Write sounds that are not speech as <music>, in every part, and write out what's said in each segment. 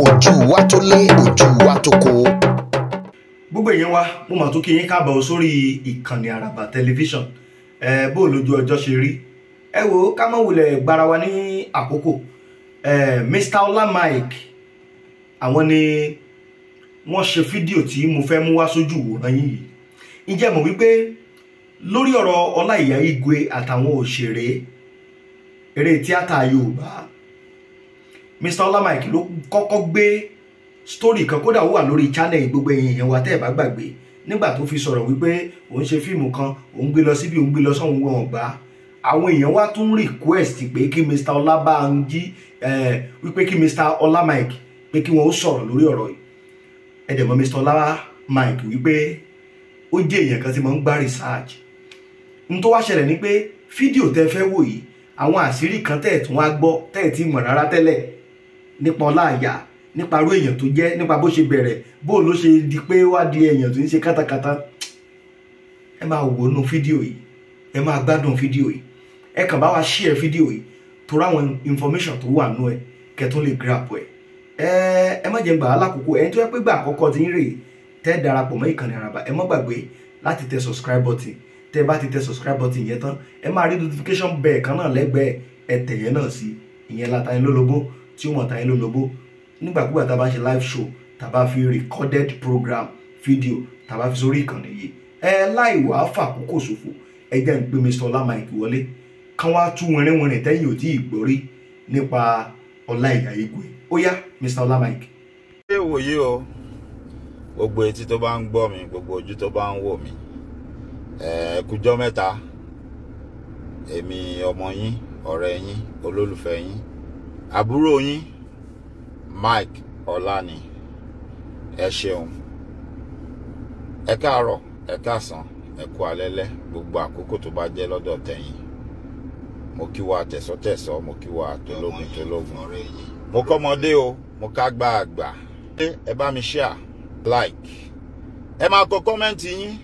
ojú wa tó lé ojú wa tó kó. gbogbo èèyàn wa mo mà tún kí yín káàbọ̀ sórí ìkànnì àràbà tẹlifíṣàn ẹ bó lójú ọjọ́ ṣe rí ẹ wò ó ká má wulẹ̀ gbára wa ní àkókò Mr Ola Mike àwọn ni wọ́n ṣe fídíò tí mo fẹ́ mú wá sójú ìwòran yìí ǹjẹ́ mọ̀ wípé lórí ọ̀rọ̀ Ọláìyá Igwe àtàwọn òṣèré eré tíátà Yorùbá Mr Olamide ló kọ́kọ́ gbé story kan kódà ó wà lórí channel gbogbo ẹ̀yin èèyàn wa tẹ́ ẹ̀ bá gbàgbé nígbà tó fi sọ̀rọ̀ wípé òun ṣe fíìmù kan òun gbé lọ síbi òun gbé lọ sọ́hun wọn ọ̀gbá àwọn èèyàn wá tún request pé kí Mr Ọlábánjí wípé kí Mr Olamide pé kí wọn ó sọ̀rọ̀ lórí ọ̀rọ̀ yìí ẹ̀dẹ̀mọ̀ Mr Olamide wípé ó jẹ́ èèyàn kan tí mo ń gba research n tó wá ṣẹlẹ̀ ni pé fídíò tẹ́ fẹ́ wò yìí àwọn àṣírí kan tẹ̀ tún wá gbọ́ tẹ̀ tí mọ̀ rárá tẹ́lẹ̀ nípa ọlá àyà nípa aró èèyàn tó jẹ́ nípa bó ṣe bẹ̀rẹ̀ bó ló ṣe di pé wá di èèyàn tó ń ṣe kátàkátà ẹ máa wò nú fídíò yìí ẹ máa gbádùn fídíò yìí ẹ kàn bá wa share fídíò yìí torí àwọn information tó wà nú ẹ kẹtún lè grab ẹ ẹ má jẹ́ gbà á lákòókò ẹni tó yẹ pé gbà àkọ́kọ́ ti ń rè tẹ́ darapọ̀ mọ́ ìkànnì àràbà ẹ má gbàgbé láti tẹ subscribe button tẹ́ bá ti tẹ subscribe button yẹn tán ẹ máa rí notification bell kan náà lẹ́gbẹ̀ẹ́ ẹ tẹ̀yẹ náà sí ìyẹn Latanilólobó tí ó mọ̀ tayé ló lobó nígbàkúgbà tá a bá ṣe live show tá a bá fi recorded program fídíò tá a bá fi sórí ìkànnì yìí ẹ láì wàá fàkókò ṣòfò ẹ jẹ́ ń pè Mr. Ọlá Mike wọlé kán wá tú wẹ̀rẹ̀wẹ̀rẹ̀ tẹ́yìn ò tí ì gbọ́ rí nípa Ọlá Ìyá Igwe ó yá Mr. Ọlá Mike. ṣé ìwòye o gbogbo etí tó bá ń gbọ́ mi gbogbo ojú tó bá ń wò mí ẹ̀ẹ́dẹ́kùjọ́ mẹ́ta èmi ọmọ yín ọ̀rẹ́ yín olólùfẹ́ yín àbúrò yín Mike Ọláni ẹ ṣeun ẹ káàárọ̀ ẹ káàsán ẹ kú alẹ́lẹ́ gbogbo àkókò tó bá jẹ́ lọ́dọ̀ tẹ̀yin mo kí wa tẹ̀sọ́tẹ̀sọ́ mo kí wa tológun tológun mo kọ́mọdé o mo kágbá àgbà ẹ bá mi ṣíà like ẹ máa kọ kọ́mẹ́ǹtì yín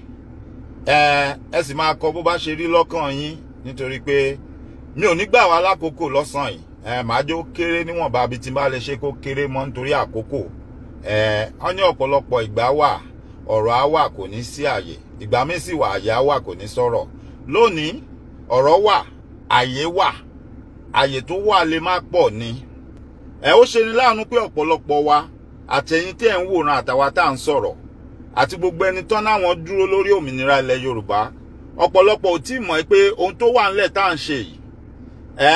ẹ ẹ sì máa kọ bó bá ṣe rí lọ́kàn yín nítorí pé mi ò ní gbà wá lákòókò lọ́sàn-án yìí màá jó kéré níwọ̀nba bí tí n bá lè ṣe kó kéré mọ́ nítorí àkókò wọ́n ní ọ̀pọ̀lọpọ̀ ìgbà wà ọ̀rọ̀ á wà kò ní sí àyè ìgbà míì sì wà àyè á wà kò ní sọ̀rọ̀ lónìí ọ̀rọ̀ wà àyè wà àyè tó wà lè má pọ̀ ni ẹ ó ṣe ni láàánú pé ọ̀pọ̀lọpọ̀ wa àtẹ̀yìn tí ẹ̀ ń wòran àtàwa tá à ń sọ̀rọ̀ àti gbogbo ẹni tán náwọn dúró lórí òmìnira ilẹ̀ Yorùbá ọ̀pọ̀lọpọ̀ ò tí ì mọ̀ pé ohun tó wà ńlẹ̀ tá à ń ṣe yìí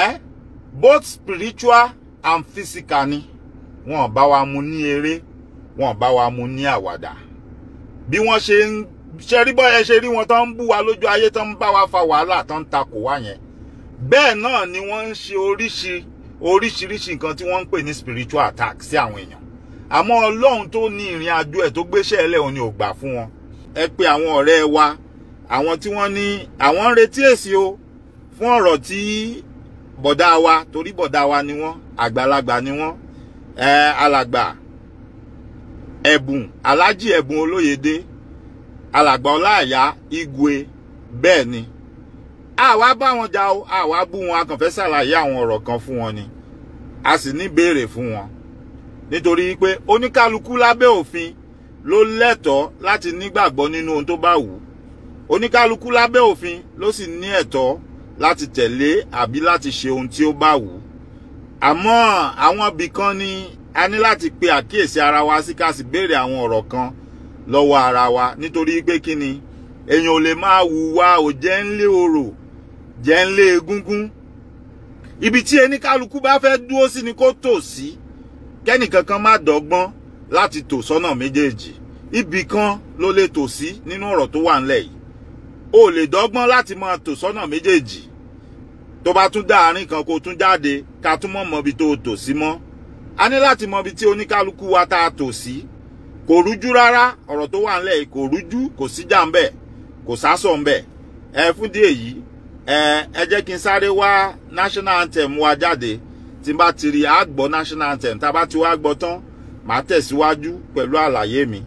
ẹ́ both spiritual and physical ni wọ́n bá wa mu ní eré wọ́n bá wa mu ní àwàdà bí wọ́n ṣe ń ṣe rí bọ́yẹ ṣe rí wọn tó ń bú wa lójú ayé tó ń wa fa wàhálà tó ń takò wá yẹn bẹ́ẹ̀ náà ni wọ́n ń ṣe oríṣi oríṣiríṣi nǹkan tí wọ́n ń spiritual attack si àwọn èèyàn àmọ́ ọlọ́run to ni ìrìn àjò ẹ̀ tó gbéṣẹ́ ẹlẹ́ òun ni ò gbà fún wọn ẹ pé àwọn ọ̀rẹ́ wa àwọn tí wọ́n ní àwọn ń retí o fún ọ̀rọ̀ tí bọ̀dá wa torí bọ̀dá wa ni wọ́n àgbàlagbà ni wọ́n eh, alàgbà ẹ̀bùn aláàjì ẹ̀bùn olóyèdè alàgbà ọláàyá igwe bẹ́ẹ̀ ni àwa bá wọn jà o àwa bú wọn a kàn fẹ́ ṣàlàyé àwọn ọ̀rọ̀ kan fún wọn ni a sì ní béèrè fún wọn nítorí pé oníkálukú lábẹ́ òfin ló lẹ́tọ̀ọ́ láti nígbàgbọ́ nínú ohun tó bá wù ú oníkálukú lábẹ́ òfin ló sì ní ẹ̀tọ́ láti tẹ̀lé àbí láti ṣe ohun tí ó bá wù ú àmọ́ àwọn ibì kan ni a ní láti pe àkíyèsí ara wa sí ká sì béèrè àwọn ọ̀rọ̀ kan lọ́wọ́ ara wa nítorí pé kí ni èèyàn ò lè máa hùwà ò jẹ́ ń lé orò jẹ́ ń lé egúngún ibi tí ẹnikálukú bá fẹ́ dúró sí ni kó tò sí kẹ́nìkankan má dọ́gbọ́n láti tò sọ́nà méjèèjì ibì kan ló lè tò sí nínú ọ̀rọ̀ tó wà ńlẹ̀ yìí o lè dọ́gbọ́n láti máa tò sọ́nà méjèèjì tó bá tún dáàrin kan kó tún jáde ká tún mọ̀ mọ́bi tó tò sí mọ́ a ní láti mọbi tí oníkálukú wa tá a tò sí kò rújú rárá ọ̀rọ̀ tó wà nílẹ̀ kò rújú kò síjà ń bẹ̀ kò sásọ̀ ń ẹ fún di èyí ẹ jẹ́ kí n sáré wá national anthem wa jáde tí n bá ti rí àgbọ̀ national anthem tá a bá ti wá gbọ́ tán màá tẹ̀síwájú pẹ̀lú àlàyé mi.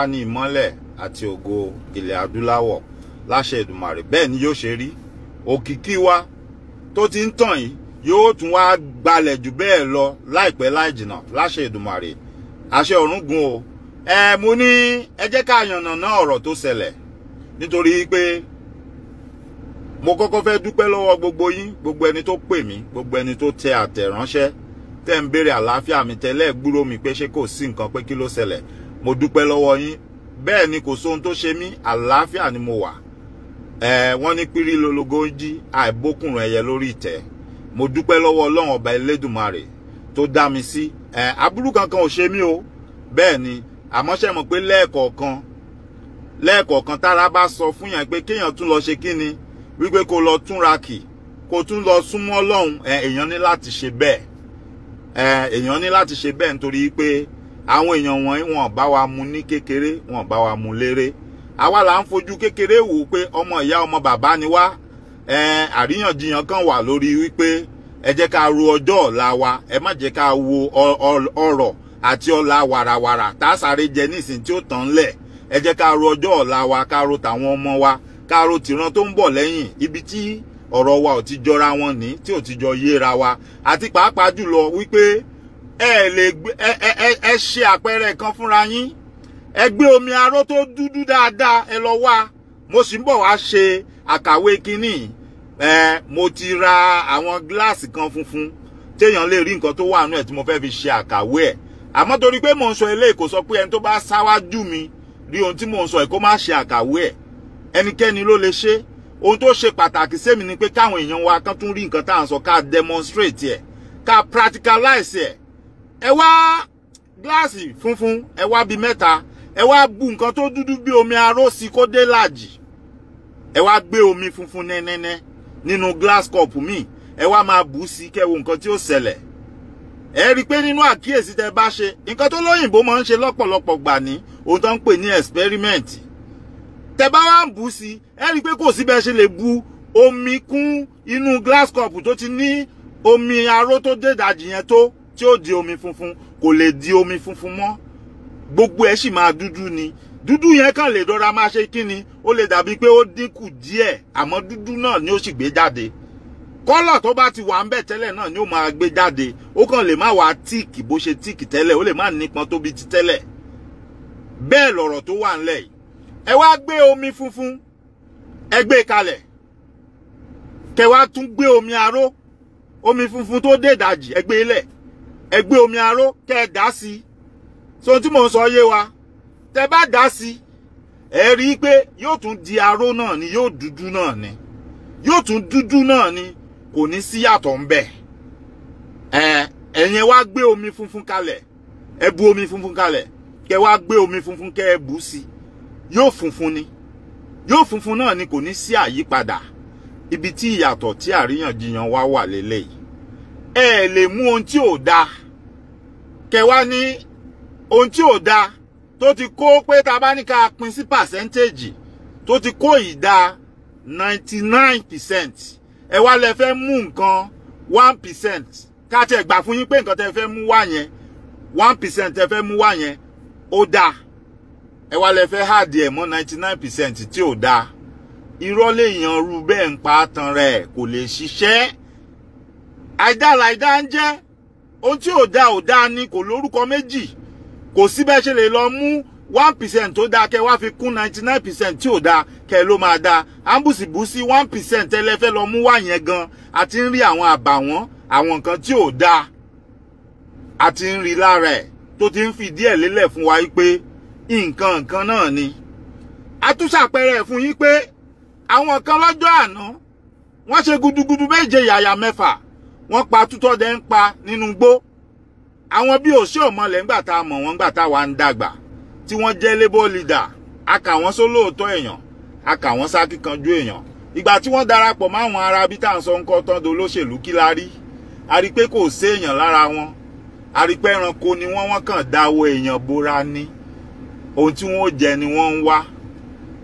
Yorùbá ní ìmọ́lẹ̀ àti ògo ilẹ̀ adúláwọ̀ láṣẹ Èdùmàrè bẹ́ẹ̀ ni yóò ṣe rí òkìkí wa tó ti ń tàn yìí yóò tún wá gbalẹ̀ jù bẹ́ẹ̀ lọ láìpẹ́ láì jìnà láṣẹ Èdùmàrè àṣẹ ọ̀run gun o ẹ mo ní ẹ jẹ́ ká yànnàná ọ̀rọ̀ tó ṣẹlẹ̀ nítorí pé mo kọ́kọ́ fẹ́ dúpẹ́ lọ́wọ́ gbogbo yín gbogbo ẹni tó pè mí gbogbo ẹni tó tẹ àtẹ̀ránṣẹ́ tẹ́ ń béèrè àlàáfíà mi tẹ́lẹ̀ gbúrò mi pé ṣé kò sí nǹkan pé kí ló ṣẹlẹ̀ mo dúpẹ́ lọ́wọ́ yín bẹ́ẹ̀ ni kò sóhun tó ṣe mí àlàáfíà ni mo wà ẹ wọ́n ní pírí lologo ń jí àìbókùnrin ẹyẹ lórí ìtẹ́ mo dúpẹ́ lọ́wọ́ ọlọ́run ọba elédùnmarè tó dá mi sí aburú kankan ò ṣe mí o bẹ́ẹ̀ ni àmọ́ ṣe mọ̀ pé lẹ́ẹ̀kọ̀ọ̀kan lẹ́ẹ̀kọ̀ọ̀kan tára bá sọ fún yàn pé kéèyàn tún lọ ṣe kí ni wípé kó lọ túnra kì kó tún lọ súnmọ́ ọlọ́run èèyàn ní láti ṣe bẹ́ẹ̀ èèyàn ní láti ṣe bẹ́ẹ̀ nítorí pé àwọn èèyàn wọ̀nyí wọn bá wa mu ní kékeré wọn bá wa mu léré àwa là ń fojú kékeré wò pé ọmọ ìyá ọmọ bàbá ni wá àríyànjiyàn kan wà lórí wípé ẹ jẹ́ ká ro ọjọ́ ọ̀la wa ẹ má jẹ́ ká wo ọrọ̀ àti ọlá wàràwàrà tá a sáré jẹ nísìnyí tí ó tàn lẹ̀ ẹ jẹ́ ká ro ọjọ́ ọ̀la wa ká ro tàwọn ọmọ wa ká ro tìran tó ń bọ̀ lẹ́yìn ibi tí ọ̀rọ̀ wa ò ti jọra wọn ní tí ò ti jọ yéra wa àti pàápàá jùlọ wípé ẹ lè gbé ẹ ẹ ẹ ṣe àpẹẹrẹ kan fúnra yín ẹ gbé omi aró tó dúdú dáadáa ẹ lọ wá mo sì ń bọ̀ wá ṣe àkàwé kínní ẹ mo ti ra àwọn gíláàsì kan funfun téèyàn lè rí nǹkan tó wà nú ẹ̀ tí mo fẹ́ fi ṣe àkàwé ẹ̀ àmọ́ torí pé mò ń sọ eléyìí kò sọ pé ẹni tó bá sáwájú mi rí ohun tí mò ń sọ ẹ̀ kó má ṣe àkàwé ẹ̀ ẹnikẹ́ni ló lè ṣe ohun tó ṣe pàtàkì sẹ́mi ni pé káwọn èèyàn wa kan tún rí nǹkan tá à ń sọ ká demonstrate ẹ̀ ká practicalize ẹ̀ ẹ wá gíláàsì funfun ẹ wá bíi mẹ́ta ẹ wá bu nǹkan tó dúdú bí omi aró sí kó dé làjì ẹ wá gbé omi funfun nẹ́nẹ́nẹ́ nínú glass cup mi ẹ wá máa bù ú sí kẹwo nǹkan tí ó ṣẹlẹ̀ ẹ rí i pé nínú àkíyèsí tẹ bá ṣe nǹkan tó lóyìnbó máa ń ṣe lọ́pọ̀lọpọ̀ gbà ní ohun tó ń pè ní experiment tẹ bá wá ń bù sí ẹ rí i pé kò sí bẹ́ẹ̀ ṣe lè bu omi kún inú glass cup tó ti ní omi aró tó dé ìdajì yẹn tó tí ó di omi funfun kò lè di omi funfun mọ́ gbogbo ẹ̀ sì máa dúdú ni dúdú yẹn kàn lè dọ́ra máa ṣe kí ni ó lè dàbí pé ó dínkù díẹ̀ àmọ́ dúdú náà ni ó sì gbé jáde kọ́lọ̀ tó bá ti wà ń bẹ̀ tẹ́lẹ̀ náà ni ó máa gbé jáde ó kàn lè má wá tíìkì bó ṣe tíìkì tẹ́lẹ̀ ó lè má nípọn tó ti tẹ́lẹ̀ bẹ́ẹ̀ lọ̀rọ̀ tó wà ńlẹ̀ yìí ẹ wá gbé omi funfun ẹ gbé e kalẹ̀ kẹ wá tún gbé omi aró omi funfun tó dé ìdajì ẹ gbé e lẹ̀ ẹ gbé omi aró kẹ́ ẹ dá sí i so tí mò ń sọ yé wa tẹ́ bá dá sí i ẹ rí i pé yóò tún di aró náà ni yóò dúdú náà ni yóò tún dúdú náà ni kò ní sí yàtọ̀ ń bẹ̀ ẹ ẹ̀yin wá gbé omi funfun kalẹ̀ ẹ bu omi funfun kalẹ̀ kẹ́ wá gbé omi funfun kẹ́ ẹ bù sí i yóò funfun ni yóò funfun náà ni kò ní sí àyípadà ibi tí ìyàtọ̀ tí àríyànjiyàn wá wà lélẹ́yìí ẹ lè mú ohun tí ò da kẹwa ní ohun tí ò da tó ti kó pé ta bá ní ká pín sí pàṣẹ́ntéèjì tó ti kó ìdá ninety nine percent ẹ wá lẹ fẹ́ mú nǹkan one percent ká tẹ gbà fún yín pé nǹkan tẹ fẹ́ mú wá yẹn one percent tẹ fẹ́ mú wá yẹn ó da ẹ wá lẹ fẹ́ háàdì ẹ̀ mọ́ ninety nine percent tí ò da irọ́ lèèyàn rú bẹ́ẹ̀ ń pa á tan rẹ̀ kò lè ṣiṣẹ́ àìdá làìdá ń jẹ́ ohun tí ò dáa ò dáa ni kò lórúkọ méjì kò síbẹ̀ ṣe lè lọ mú one percent tó dáa kẹ wá fi kún ninety nine percent tí ò dáa kẹ ló máa dáa ambùsìbùsì one percent tẹ́lẹ̀fẹ́ lọ mú wá yẹn gan àti ń rí àwọn àbàwọ́n àwọn nǹkan tí ò dáa àti ń rí lára ẹ̀ tó ti ń fìdí ẹ̀ lélẹ̀ fún wa pé nǹkan nǹkan náà ni a tún ṣàpẹẹrẹ fún yín pé àwọn kan lọ́jọ́ àná wọ́n ṣe gudugudu méje yàyà mẹ́fà wọ́n pa tútọ́dẹ ń pa nínú igbó àwọn bí òṣì ọ̀mọlẹ̀ ńgbà tá a mọ̀ wọ́n ńgbà tá a wà ń dàgbà tí wọ́n jẹ́ labour leader a kà wọ́n sólóòótọ́ èèyàn a kà wọ́n sákíkanjú èèyàn ìgbà tí wọ́n darapọ̀ máwọn ará bí tá à ń sọ ńkọ́ tán do olóṣèlú kí la rí a rí pé kò sí èèyàn lára wọn a rí pé ẹranko ni wọ́n wọ́n kàn dáwọ́ èèyàn bora ní ohun tí wọ́n jẹ ni wọ́n ń wá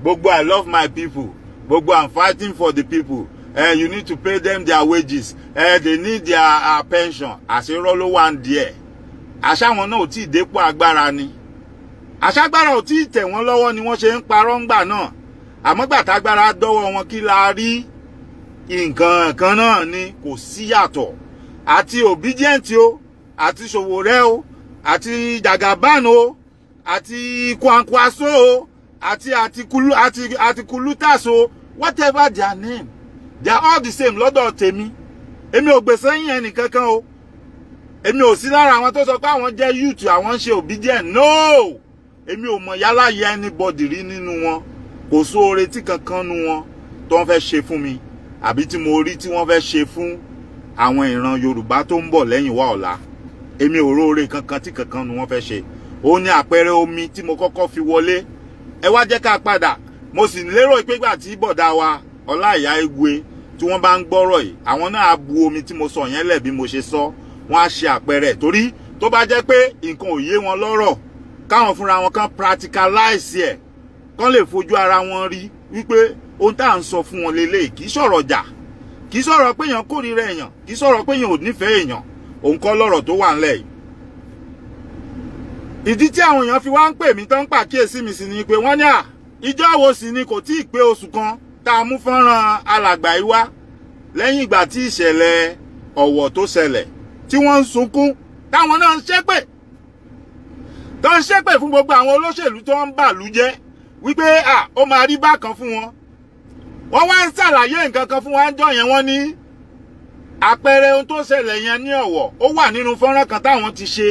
gbogbo i love my people gbogbo i'm fighting for the people uh, you need to pay them their wages uh, they need their uh, pension àṣírọ́ ló wà ń díẹ̀ àṣàwọn náà ò tí ì dépò agbára ni àṣàgbára ò tí ì tẹ̀ wọ́n lọ́wọ́ ni wọ́n ṣe ń parọ́ ńgbà náà àmọ́ gbà tágbára dọ́wọ́ wọn kí la rí nǹkan kan náà ni kò síyàtọ̀ àti Obidient o àti Sowore o àti Jagaban o àti Kwankwaso o àti àti Kulutas o whatever their name they are all the same lọ́dọ̀ tèmi èmi ò gbè sẹ́yìn ẹnì kankan o èmi ò sí lára àwọn tó sọ pé àwọn jẹ́ youth àwọn ń ṣe obedient no èmi ò mọ̀ yálà yẹ anybody rí nínú wọn kò sóore tí kankan nu wọn tó ń fẹ́ ṣe fún mi àbí tí mo rí tí wọ́n fẹ́ ṣe fún àwọn ìran Yorùbá tó ń bọ̀ lẹ́yìn wa ọ̀la èmi ò róore kankan tí kankan nu wọ́n fẹ́ ṣe ó ní àpẹẹrẹ omi tí mo kọ́kọ́ fi wọlé ẹ wá jẹ́ ká padà mo sì lérò pé gbà tí bọ̀dá wa ọláìyá igwe tí wọ́n bá ń gbọ́rọ̀ yìí àwọn náà bu omi tí mo sọ yẹn lẹ̀ bí mo ṣe sọ wọ́n á ṣe àpẹẹrẹ torí tó bá jẹ́ pé nǹkan ò yé wọn lọ́rọ̀ káwọn fúnra wọn kan practicalize ẹ̀ kán lè fojú ara wọn rí wípé ohun tá à ń sọ fún wọn lélẹ́yìí kì í sọ̀rọ̀ jà kì í sọ̀rọ̀ pé èèyàn kórìíra èèyàn kì í sọ̀rọ̀ pé èèyàn ò nífẹ̀ẹ́ èèyàn òun kọ́ lọ́rọ̀ tó wà ńlẹ̀ yìí. ìdí tí àwọn èèyàn fi wá ń pè mí tán ń pàkíyèsí mi sí ni pé wọ́n ní à ìjọ́ wo sì ni kò tí ì pé oṣù kan tá a mú fọ́nrán alàgbà yìí wá lẹ́yìn ìgbà tí ìṣẹ̀lẹ̀ ọ̀wọ̀ tó ṣẹlẹ̀ tí wọ́n ń sunkún táwọn náà ń ṣépè tó ń ṣépè fún gbogbo àwọn olóṣèlú tó ń bàlú jẹ́ wípé à ó máa rí bákan fún wọn wọ́n wá ń ṣàlàyé nǹkan kan fún wa ń jọ yẹn wọ́n ní àpẹẹrẹ ohun tó ṣẹlẹ̀ yẹn ní ọ̀wọ̀ ó wà nínú fọ́nrán kan táwọn ti ṣe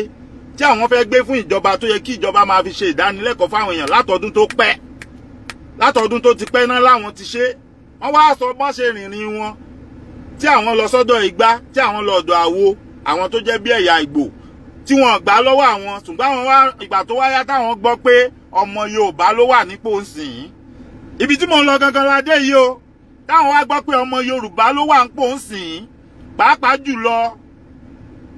tí àwọn fẹ́ gbé fún ìjọba tó yẹ kí ìjọba máa fi ṣe ìdánilẹ́kọ̀ọ́ fáwọn èèyàn látọdún tó pẹ́ látọdún tó ti pẹ́ náà láwọn ti ṣe wọ́n wá sọ bọ́n ṣe rìnrìn wọn tí àwọn lọ sọ́dọ̀ ìgbá tí àwọn lọ ọ̀dọ̀ àwo àwọn tó jẹ́ bí ẹ̀yà ìgbò tí wọ́n gbà lọ́wọ́ àwọn ṣùgbọ́n àwọn wá ìgbà tó wáyá táwọn gbọ́ pé ọmọ Yorùbá ló wà nípò ńsìn ibi tí mò ń lọ gangan la dé yìí o táwọn wá gbọ́ pé ọmọ Yorùbá ló wà nípò ńsìn pàápàá jùlọ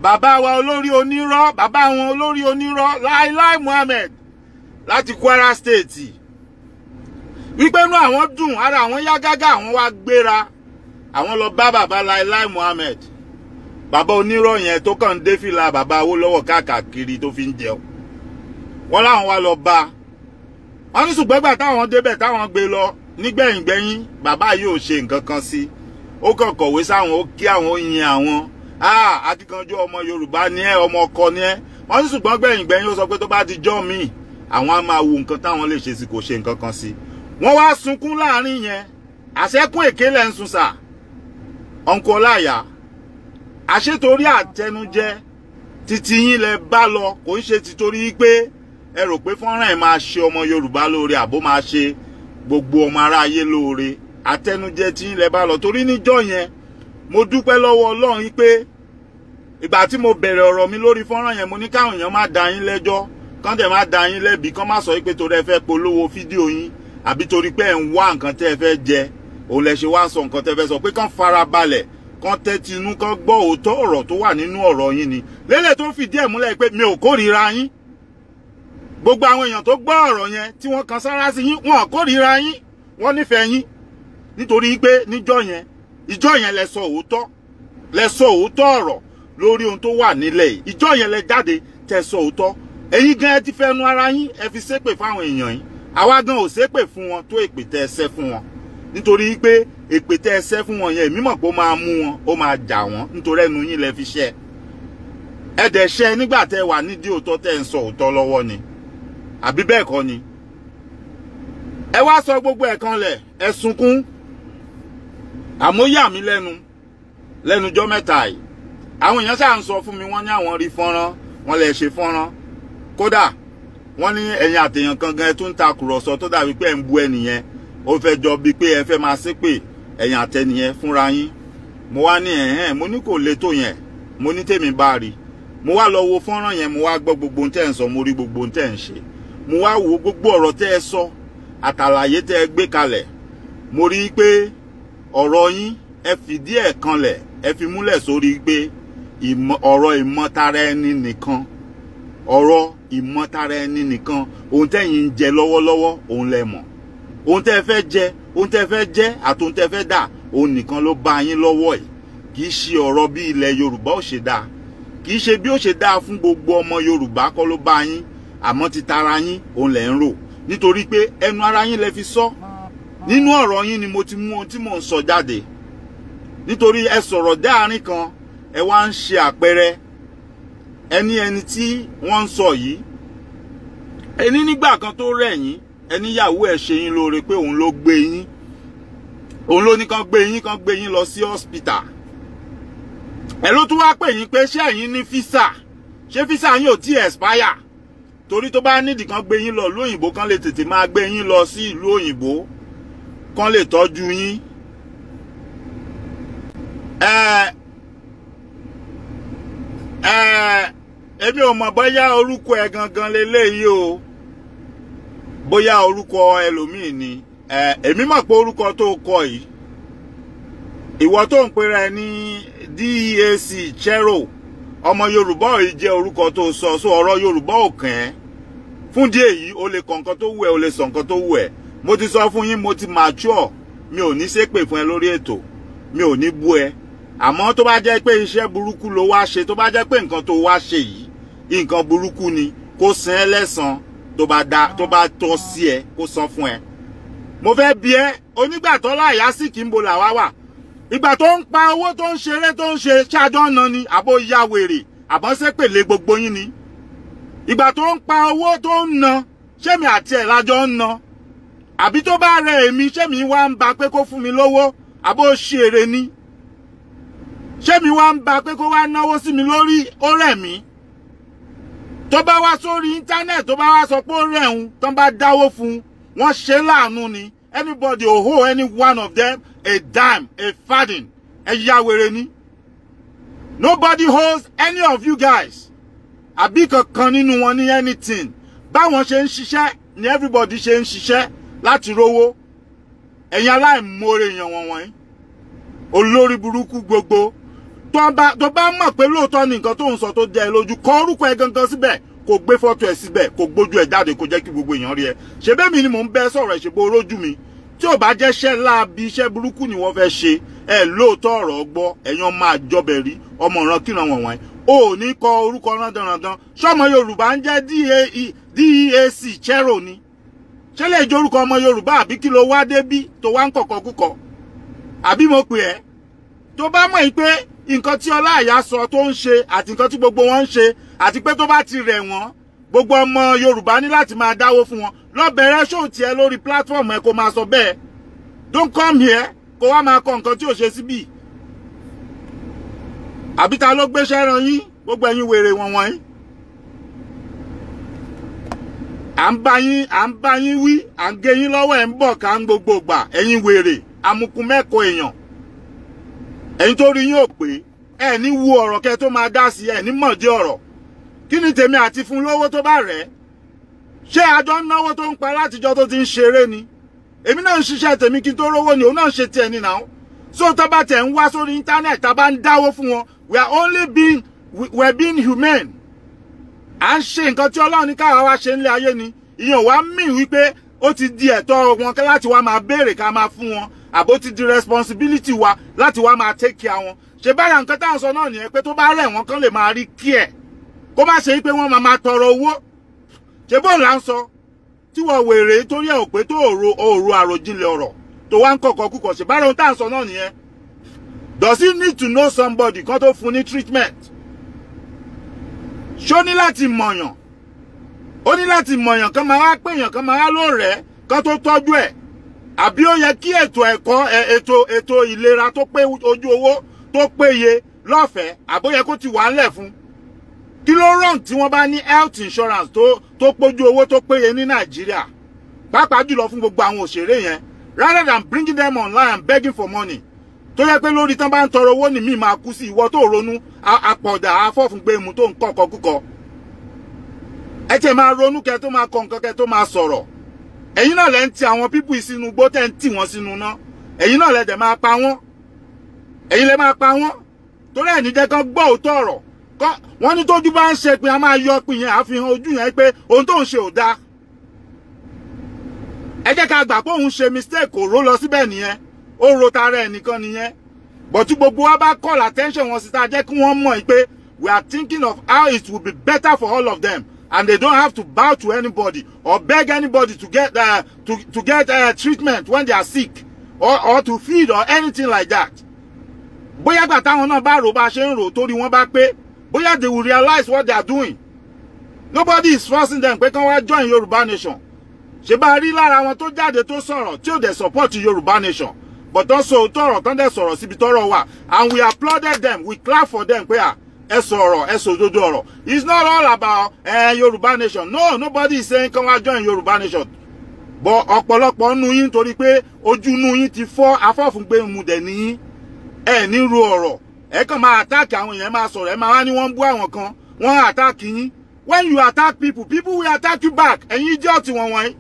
bàbá wa olórí onírọ́ bàbá wọn olórí onírọ́ Láíláí Muhammed láti Kwara State wípé inú àwọn dùn ara àwọn yá gágá àwọn wá gbéra àwọn lọ bá bàbá láìláì Muhammed bàbá onírọ̀ yẹn tó kàn ń dé fìlà bàbá Awólọ́wọ̀ káàkiri tó fi ń jẹun wọ́n láwọn wá lọ bá wọ́n ní ṣùgbọ́n gbà táwọn débẹ̀ táwọn gbé lọ nígbẹ̀yìngbẹ̀yìn bàbá yìí ò ṣe nǹkan kan sí ó kàn kọ̀wé sáwọn ó kí àwọn ó yin àwọn akíkanjú ọmọ Yorùbá ni ẹ ọmọ ọkọ ni ẹ wọ́n ní ṣùgbọ́n gbẹ̀yìngbẹ̀yìn ó sọ pé tó bá ti jọ́ míì àwọn á máa wo nǹkan táwọn lè ṣe sí kò ṣe nǹkan kan sí i wọ́n wá sunkún láàrin yẹn àṣẹkún èké lẹ ń sun sà ọǹkọ láyà àṣetorí àtẹnujẹ títí yín lẹ bá lọ kò ń ṣe títorí pé ẹ rò pé fọ́nrán ẹ̀ máa ṣe ọmọ yorùbá lóore àbó máa ṣe gbogbo ọmọ aráyé lóore àtẹnujẹ tí yín lẹ bá lọ torí níjọ́ yẹn mo dúpẹ́ lọ́wọ́ ọlọ́run yìí pé ìgbà tí mo bẹ̀rẹ̀ ọ̀rọ̀ mi lórí fọ́nrán yẹn mo ní káwọn èèyàn má da yín lẹ́jọ́ kán dẹ̀ má da yín lẹ́bi kán má sọ pé torí ẹ fẹ́ polówó fídíò yín àbí torí pé ẹ̀ ń wá nǹkan tẹ́ ẹ fẹ́ jẹ òun lẹ ṣe wá sọ nǹkan tẹ́ ẹ fẹ́ sọ pé kán fara balẹ̀ kán tẹ́tí inú kán gbọ́ òótọ́ ọ̀rọ̀ tó wà nínú ọ̀rọ̀ yín ni lélẹ̀ tó fìdí ẹ̀ múlẹ̀ pé mi ò kórìíra yín gbogbo àwọn èèyàn tó gbọ́ ọ̀rọ̀ yẹn tí wọ́n kan sára sí yín wọn kórìíra yín wọ́n nífẹ̀ẹ́ yín nítorí pé níjọ́ yẹn ìjọ́ yẹn lẹ sọ òótọ́ lẹ sọ òótọ́ ọ̀rọ̀ lórí ohun tó wà nílẹ̀ yìí ìjọ́ yẹn lẹ jáde tẹ sọ òótọ́ èyí gan ẹ ti fẹnu ara yín ẹ fi ṣépè fáwọn èèyàn yín àwa gan ò ṣépè fún wọn tó èpè tẹ ẹsẹ fún wọn nítorí pé èpè tẹ ẹsẹ fún wọn yẹn èmi mọ̀ pé ó máa mú wọn ó máa jà wọn nítorí ẹnu yín lẹ fi ṣẹ ẹ dẹ̀ ṣẹ nígbà tẹ wà nídìí òótọ́ tẹ ń sọ òótọ́ lọ́wọ́ ni àbí bẹ́ẹ̀ kọ́ ni ẹ wá sọ gbogbo ẹ̀ kan lẹ̀ ẹ sunkún àmóyà mi lẹ́nu lẹ́nujọ́ mẹ́ta yìí àwọn èèyàn ṣáà ń sọ fún mi wọ́n ní àwọn rí fọ́nrán wọ́n lè ṣe fọ́nrán kódà wọ́n ní ẹ̀yin àtẹ̀yàn kan gan ẹ tún ń takùrọ̀sọ tó dàbí pé ẹ̀ ń bu ẹnìyẹn ó fẹ́ jọ bíi pé ẹ fẹ́ máa ṣépè ẹ̀yin àtẹnìyẹn fúnra yín mo wá ní ẹ̀hẹ́n mo ní kò le tó yẹn mo ní tèmi bá rí mo wá lọ wo fọ́nrán yẹn mo wá gbọ́ gbogbo ohun tẹ́ ẹ̀ ń sọ mo rí gbogbo ohun tẹ́ ẹ̀ ń ṣe mo wá wo gbogbo ọ̀rọ̀ tẹ́ ẹ sọ àtàlàyé tẹ́ ẹ gbé kalẹ̀ mo rí i pé ọ̀rọ̀ yín ẹ fìdí ẹ̀ kanlẹ̀ ẹ fi múlẹ̀ sórí pé ọ̀rọ̀ ìmọ̀tara ẹni nìkan ọ̀rọ̀ ìmọ̀tara ẹni nìkan ohun tẹ́yìn ń jẹ lọ́wọ́lọ́wọ́ òun lẹ mọ̀ ohun tẹ́ fẹ́ jẹ ohun tẹ́ fẹ́ jẹ àti ohun tẹ́ fẹ́ dà òun nìkan ló bá yín lọ́wọ́ ẹ̀ kì í ṣe ọ̀rọ̀ bí ilẹ̀ Yorùbá ò ṣe dáa kì í ṣe bí ó ṣe dáa fún gbogbo ọmọ Yorùbá kọ́ ló bá yín àmọ́ ti tara yín òun lẹ̀ ń rò nítorí pé ẹnu ara yín lẹ fi sọ nínú ọ̀rọ̀ yín ni mo ti mú ohun tí mò ń sọ jáde nítorí ẹ sọ̀rọ̀ dáàrin kan ẹ wá ń ṣe àpẹẹrẹ ẹni ẹni tí wọ́n ń sọ yìí ẹni nígbà kan tó rẹ̀ yín ẹni yàwó ẹ̀ ṣe yín lóore pé òun ló gbé yín òun ló ní kan gbé yín kan gbé yín lọ sí hospital ẹ ló tún wá pè yín pé ṣé ẹ̀yin ní físà ṣé físà yín ò tí expire torí tó bá nídìí kan gbé yín lọ ìlú òyìnbó kan lè tètè máa gbé yín lọ sí ìlú òyìnbó kan lè tọ́jú yín ẹ ẹ. Emi o mọ̀ bóyá orúkọ ẹ̀ gangan leléyìí o bóyá orúkọ ẹlòmíì ni èmi mọ̀ pé orúkọ tó kọ yìí ìwọ tó ń pera ẹ ní DAC e Chero ọmọ Yorùbá ò jẹ́ orúkọ tó sọ so ọ̀rọ̀ Yorùbá ò kàn ẹ́ fún díẹ̀ o le kọ nǹkan tó wù o le sọ nǹkan tó wù ẹ́ mo ti sọ fún yín mo ti mature mi ò ní ṣépè fún ẹ lórí ètò mi ò ní bú ẹ àmọ́ tó bá jẹ́ pé iṣẹ́ burúkú ló wá ṣe tó bá jẹ́ pé nǹkan tó wá ṣe yìí nǹkan burúkú ni kó san ẹ́ lẹ́san tó bá da tó bá tọ́ sí ẹ kó san fún ẹ. mo fẹ́ bi ẹ́ onígbà tó láyà sí kí n bo làwa wà ìgbà tó ń pa owó tó ń ṣeré tó ń ṣe ṣáájọ́ ná ni àbó ya wèrè àbọ̀nsẹ́pẹ̀lẹ̀ gbogbo yín ni ìgbà tó ń pa owó tó ń ná ṣémi àti ẹ̀ lájọ́ ń ná àbí tó bá rẹ èmi ṣémi wá ń ba pé kó fún mi lówó àbó ṣeré ni ṣémi wá ń ba pé kó wá náwó sí mi lórí ó rẹ̀ mí tó bá wá sórí íńtánẹ́ẹ̀tì tó bá wá sọ pé ó rẹ̀hún tó bá dáwó fún wọn ṣe láàánú ni anybody ò hó any one of them a dime a farden ẹ yá wèrè ni nobody holds any of you guys àbí kankan nínú wọn ní anything báwọn ṣe ń ṣiṣẹ́ ni everybody ṣe ń ṣiṣẹ́ láti rówó ẹ̀yin aláìmoore èèyàn wọ̀nyí olórí burúkú gbogbo tó bá mọ̀ pé lóòótọ́ ni nǹkan tó ń sọ tó jẹ́ lójú kọ orúkọ ẹ gangan síbẹ̀ kò gbé fọ́tò ẹ síbẹ̀ kò gbójú ẹ jáde kò jẹ́ kí gbogbo èèyàn rí ẹ ṣebẹ́ mi ni mò ń bẹ́ sọ̀rọ̀ ẹ̀ ṣègbè orójú mi tí ò bá jẹ́ iṣẹ́ láabi iṣẹ́ burúkú ni wọ́n fẹ́ ṣe ẹ lóòótọ́ ọ̀rọ̀ gbọ́ ẹ̀yàn máa jọbẹ̀ rí ọmọ ìran kíran wọ̀nwọ̀n o ní kọ orúkọ rándanrandan ṣọmọ Yorùbá ń jẹ́ DAC e, e chero ni ṣẹlẹ̀ ìjórúkọ ọmọ Yorùbá àbí kí ló wá débí tó wá ń kọ̀kọ́ kúkọ àbí mo pè ẹ́ tó bá mọ̀ yín pé nǹkan tí ọláàyá sọ tó ń ṣe àti nǹkan tí gbogbo wọn ń ṣe àti pé tó bá ti rẹ̀ wọ́n gbogbo ọmọ yorùbá ní láti máa dáwó fún wọn lọ ṣóò tiẹ̀ lórí platform ẹ kó máa sọ bẹ́ẹ̀ don't come here kó wá máa kọ nǹkan tí ò ṣe síbí àbí ta ló gbéṣẹ́ ran yín gbogbo ẹ̀yin wèrè wọ̀n wọ̀nyí à ń bá yín à ń bá yín wí à ń gé yín lọ́wọ́ ẹ̀ ń bọ̀ ká ń gbogbo gbà ẹ̀yin wèrè amukun èèyàn ẹ̀yin tó rí yín ò pé ẹ̀ ní wo ọ̀rọ̀ kẹ́ tó máa dá sí ẹ̀ ní mọ̀dé ọ̀rọ̀ kí ni tèmi àti fún lówó tó bá rẹ̀ ṣé àjọ ń náwó tó ń pa látijọ́ tó ti ń ṣeré ni èmi náà ń ṣiṣẹ́ tèmi kí n tó rówó ni òun náà ń ṣe tiẹ̀ ní náà so tó bá tẹ̀ ń wá sórí íńtánẹ̀tì tá a bá ń dáwó fún wọn we are only being we, are being humane à ń ṣe nǹkan tí Ọlọ́run ní káwa wá ṣe nílé ayé ni ìyẹn wàá mì wípé ó ti di ẹ̀tọ́ wọn láti wá máa béèrè ká máa fún wọn àbó ti di responsibility wa láti wá máa take care wọn ṣe báyà nǹkan táwọn sọ náà nìyẹn pé tó bá rẹ̀ wọ́n kán lè máa rí care kó má ṣe pé wọ́n máa máa tọrọ owó ṣe bóun là ń sọ tí wọ́n wèrè torí ẹ̀ ò pé tó òru òru àròjinlẹ̀ ọ̀rọ̀ tó wá ń kọ̀kọ́ kúkọ̀ ṣe báyà ohun táwọn sọ náà nìyẹn does he need to know somebody kan tó fún ní treatment ṣó ní láti mọ̀yàn ó ní láti mọ̀yàn kan máa wá pèèyàn kan máa wá lóòrẹ́ kan tó tọ́jú ẹ̀ àbí ó yẹ kí ètò ẹ̀kọ́ ètò ètò ìlera tó pé ojú owó tó péye lọ́fẹ̀ẹ́ àbóyẹ kó ti wà ńlẹ̀ fún kí ló rọrùn tí wọ́n bá ní health insurance tó tó pójú owó tó péye ní nàìjíríà pàápàá jùlọ fún gbogbo àwọn òṣèré yẹn rather than bringing them online and begging for money tó yẹ pé lórí tán bá ń tọrọ owó ni míì máa kú sí ìwọ tó ronú àpọ̀dà afọ́fúngbẹ̀mù tó ń kọ̀kọ́ kúkọ ẹ tiẹ̀ máa ronú kẹ tó máa kọ nǹkan kẹ tó máa sọ̀rọ̀ ẹ̀yin náà lẹ́ ń ti àwọn pípù sínú gbó tẹ́ ń tì wọ́n sínú náà ẹ̀yin náà lẹ́ dẹ̀ máa pa wọ́n ẹ̀yin lẹ́ máa pa wọ́n torí ẹ̀ ní jẹ́ kán gbọ́ òótọ́ ọ̀rọ̀ kọ́ wọ́n ní tójú bá ń ṣe pé a máa yọ pin yẹn àfihàn ojú yẹn pé ohun tó ń ṣe ò dáa ẹ jẹ́ ká gbà pé òun ṣe mistake kò ró lọ síbẹ̀ nìyẹn ó ro tara ẹ̀ nìkan nìyẹn bọ̀tú gbogbo wa bá call attention wọn síta jẹ́ kí wọ́n mọ̀ pé we are thinking of how it will be better for all of them and they don't have to bow to anybody or beg anybody to get uh, to, to get uh, treatment when they are sick or, or to feed or anything like that. Bóyá gbà táwọn náà bá rò bá ṣe ń rò torí wọ́n bá pé bóyá they will realize what they are doing. Nobody is forcing them pé kán wá join Yorùbá nation. Ṣé bá rí lára wọn tó jáde tó sọ̀rọ̀ tí ò dẹ̀ support Yorùbá nation but tán so tọ̀rọ̀ tán dẹ̀ sọ̀rọ̀ síbi tọ́rọ̀ wà and we applauded them we clap for them pé ah ẹ sọ ọ̀rọ̀ òdodo ọ̀rọ̀ it's not all about uh, Yorùbá nation no nobody is saying come and join Yorùbá nation but ọ̀pọ̀lọpọ̀ nínú yín torí pé ojú inú yín ti fọ́ afọ́fúngbé mu dẹ̀ nìyí ẹ ní ru ọ̀rọ̀ ẹ kàn máa attack àwọn èèyàn máa sọ̀rọ̀ ẹ máa wá ní wọ́n ń bú àwọn kan wọ́n attack yín when you attack people people will attack you back ẹ̀yin idiot wọ̀n wọ̀nyí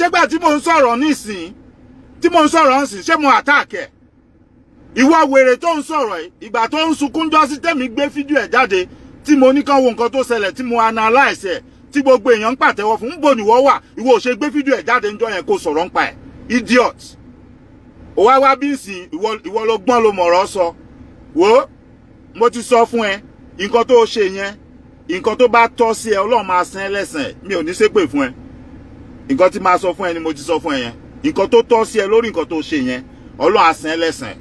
ṣégbà tí mo ń sọ̀rọ̀ nísìnyí tí mo ń sọ̀rọ̀ nísìnyí ṣé mo attack ẹ̀ ìwọ wèrè tó ń sọ̀rọ̀ yìí ìgbà tó ń sunkún jọ sí tẹ́mi gbé fídíò ẹ̀ jáde tí mo ní kán wo nǹkan tó ṣẹlẹ̀ tí mo analyse ẹ̀ tí gbogbo èèyàn ń pàtẹ́wọ́ fún ń bò níwọ́ wà ìwọ ò ṣe gbé fídíò ẹ̀ jáde ńjọ́ yẹn kó sọ̀rọ̀ ńpa idiot ò wá wá bí nsìn ìwọ ló gbọ́n ló mọ̀rọ̀ sọ wo mo ti sọ fún ẹ nǹkan tó ṣe yẹn nǹkan tó bá tọ́ sí ẹ ọlọ́run máa san ẹ́ lẹ́san ẹ̀ mi ò ní ṣépè fún ẹ nǹkan tí máa sọ fún ẹ ni mo ti sọ fún ẹ yẹn nǹkan tó tọ́ sí ẹ lórí nǹkan tó ṣe yẹn ọlọ́run á san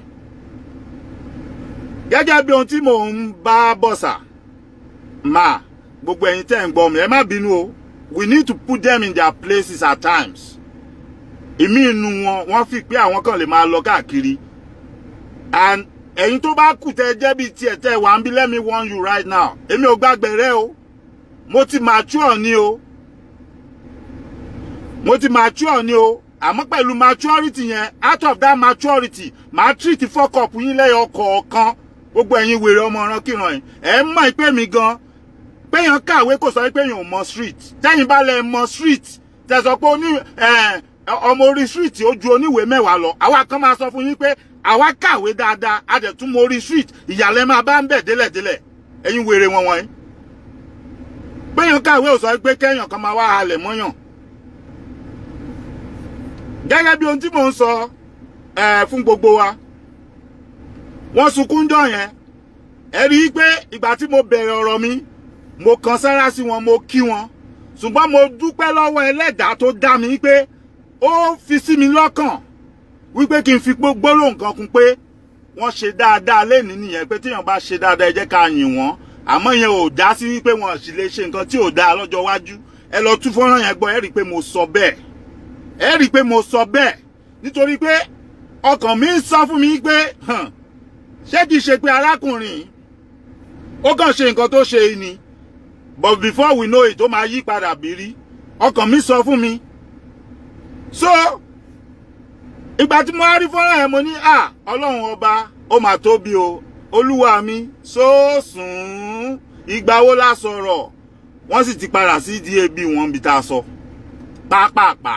gẹ́gẹ́ bí ohun tí mò ń bá bọ̀sà máa gbogbo ẹ̀yin tẹ́ ń gbọ́ mi ẹ má bínú o we need to put them in their places at times ìmí inú wọn wọ́n fi pé àwọn kan lè máa lọ káàkiri and ẹ̀yin tó bá kù tẹ́ jẹ́ bíi tiẹ̀ tẹ́ wà ń bí let me warn you right now èmi ò gbàgbẹ̀rẹ́ o mo ti mature ni o mo ti mature ni o àmọ́ pẹ̀lú maturity yẹn out of that maturity màá treat fọ́kọ̀pù yín lẹ́yọ kọ̀ọ̀kan gbogbo ẹ̀yin wèrè ọmọ ọ̀ràn kíran yìí ẹ̀ ń mọ̀ ìpè mi gan péyàn kàwé kò sọ pé èèyàn ò mọ street tẹ́yìn bá lẹ mọ street tẹ́ sọ pé ọmọ orí street ó ju oníwèé mẹ́wàá lọ àwa kan máa sọ fún yín pé àwa kàwé dáadáa a dẹ̀ tún mọ orí street ìyàlẹ́ máa bá ń bẹ̀ délẹ̀délẹ̀ ẹ̀yin wèrè wọn wọ̀nyí péyàn kàwé ò sọ pé kẹ́yàn kan máa wá halẹ̀ mọ́yàn gẹ́gẹ́ bí ohun tí mò ń sọ fún gbogbo wa wọ́n sunkún jọ yẹn ẹ rí i pé ìgbà tí mo bẹ̀rẹ̀ ọ̀rọ̀ mi mo kan sára sí wọn mo kí wọn ṣùgbọ́n mo dúpẹ́ lọ́wọ́ ẹlẹ́dàá tó dá mi pé ó fi sí mi lọ́kàn wípé kí n fi gbólóhùn kan kún pé wọ́n ṣe dáadáa lénìí nìyẹn pé tíyàn bá ṣe dáadáa ẹ jẹ́ ká yìn wọ́n àmọ́ yẹn ò dá sí wípé wọn sì lè ṣe nǹkan tí ò dáa lọ́jọ́ iwájú ẹ lọ tú fọ́nrán yẹn gbọ́ ẹ rí i pé mo sọ bẹ́ẹ̀ ẹ rí i pé mo sọ bẹ́ẹ̀ nítorí pé ọkàn mi ń sọ fún mi pé ṣé kìí ṣe pé arákùnrin ó kàn ṣe nǹkan tó ṣe ni but before we know it ó máa yí padà bírí ọkàn mi sọ fún mi so ìgbà tí mo wá rí fọ́nrán ẹ̀ mo ní à ọlọ́run ọba ó mà tóbi o olúwa mi sóòsùn ìgbà wo la sọ̀rọ̀ wọ́n sì ti padà sí di ebi wọn bí tá a sọ pápápá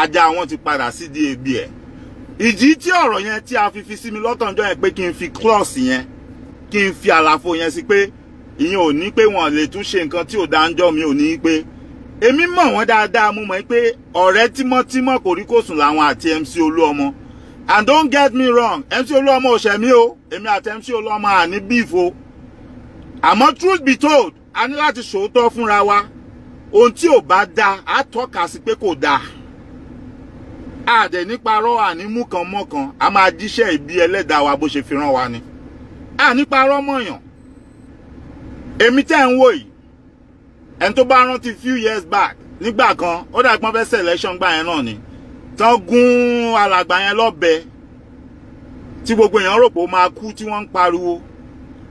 ajá wọn ti padà sí di ebi ẹ̀. E ìdí tí ọ̀rọ̀ yẹn tí a fi fi sí mi lọ́tọ̀njọ́ yẹn pé kí n fi klọ́ọ̀sì yẹn kí n fi àlàfo yẹn sí pé ìyẹn ò ní pé wọn lè tún ṣe nǹkan tí ò dáńjọ́ mi ò ní pé èmi mọ̀ wọ́n dáadáa mú mọ̀ pé ọ̀rẹ́ tímọ́tímọ́ kòríkòsùn làwọn àti MC Olúọmọ and don't get me wrong MC Olúọmọ ò ṣẹ̀ mí o èmi àti MC Olúọmọ àní bífo àmọ́ truth be told a ní láti ṣòótọ́ fúnra wa ohun tí ò bá dáa á tọ́ka sí pé kò dáa àdẹ̀ nípa rọ́ ànímú kan mọ́kan a máa jíṣẹ́ ìbí ẹlẹ́dàá wa bó ṣe fi rán wa ni a nípa rọ́ mọ̀yàn èmi tẹ́ ń wò yìí ẹni tó bá rántí few years back nígbà kan ó dà pọ́n fẹ́ selection gbà yẹn náà ni tán gún alàgbà yẹn lọ́bẹ tí gbogbo èèyàn rò pé ó máa kú tí wọ́n ń pariwo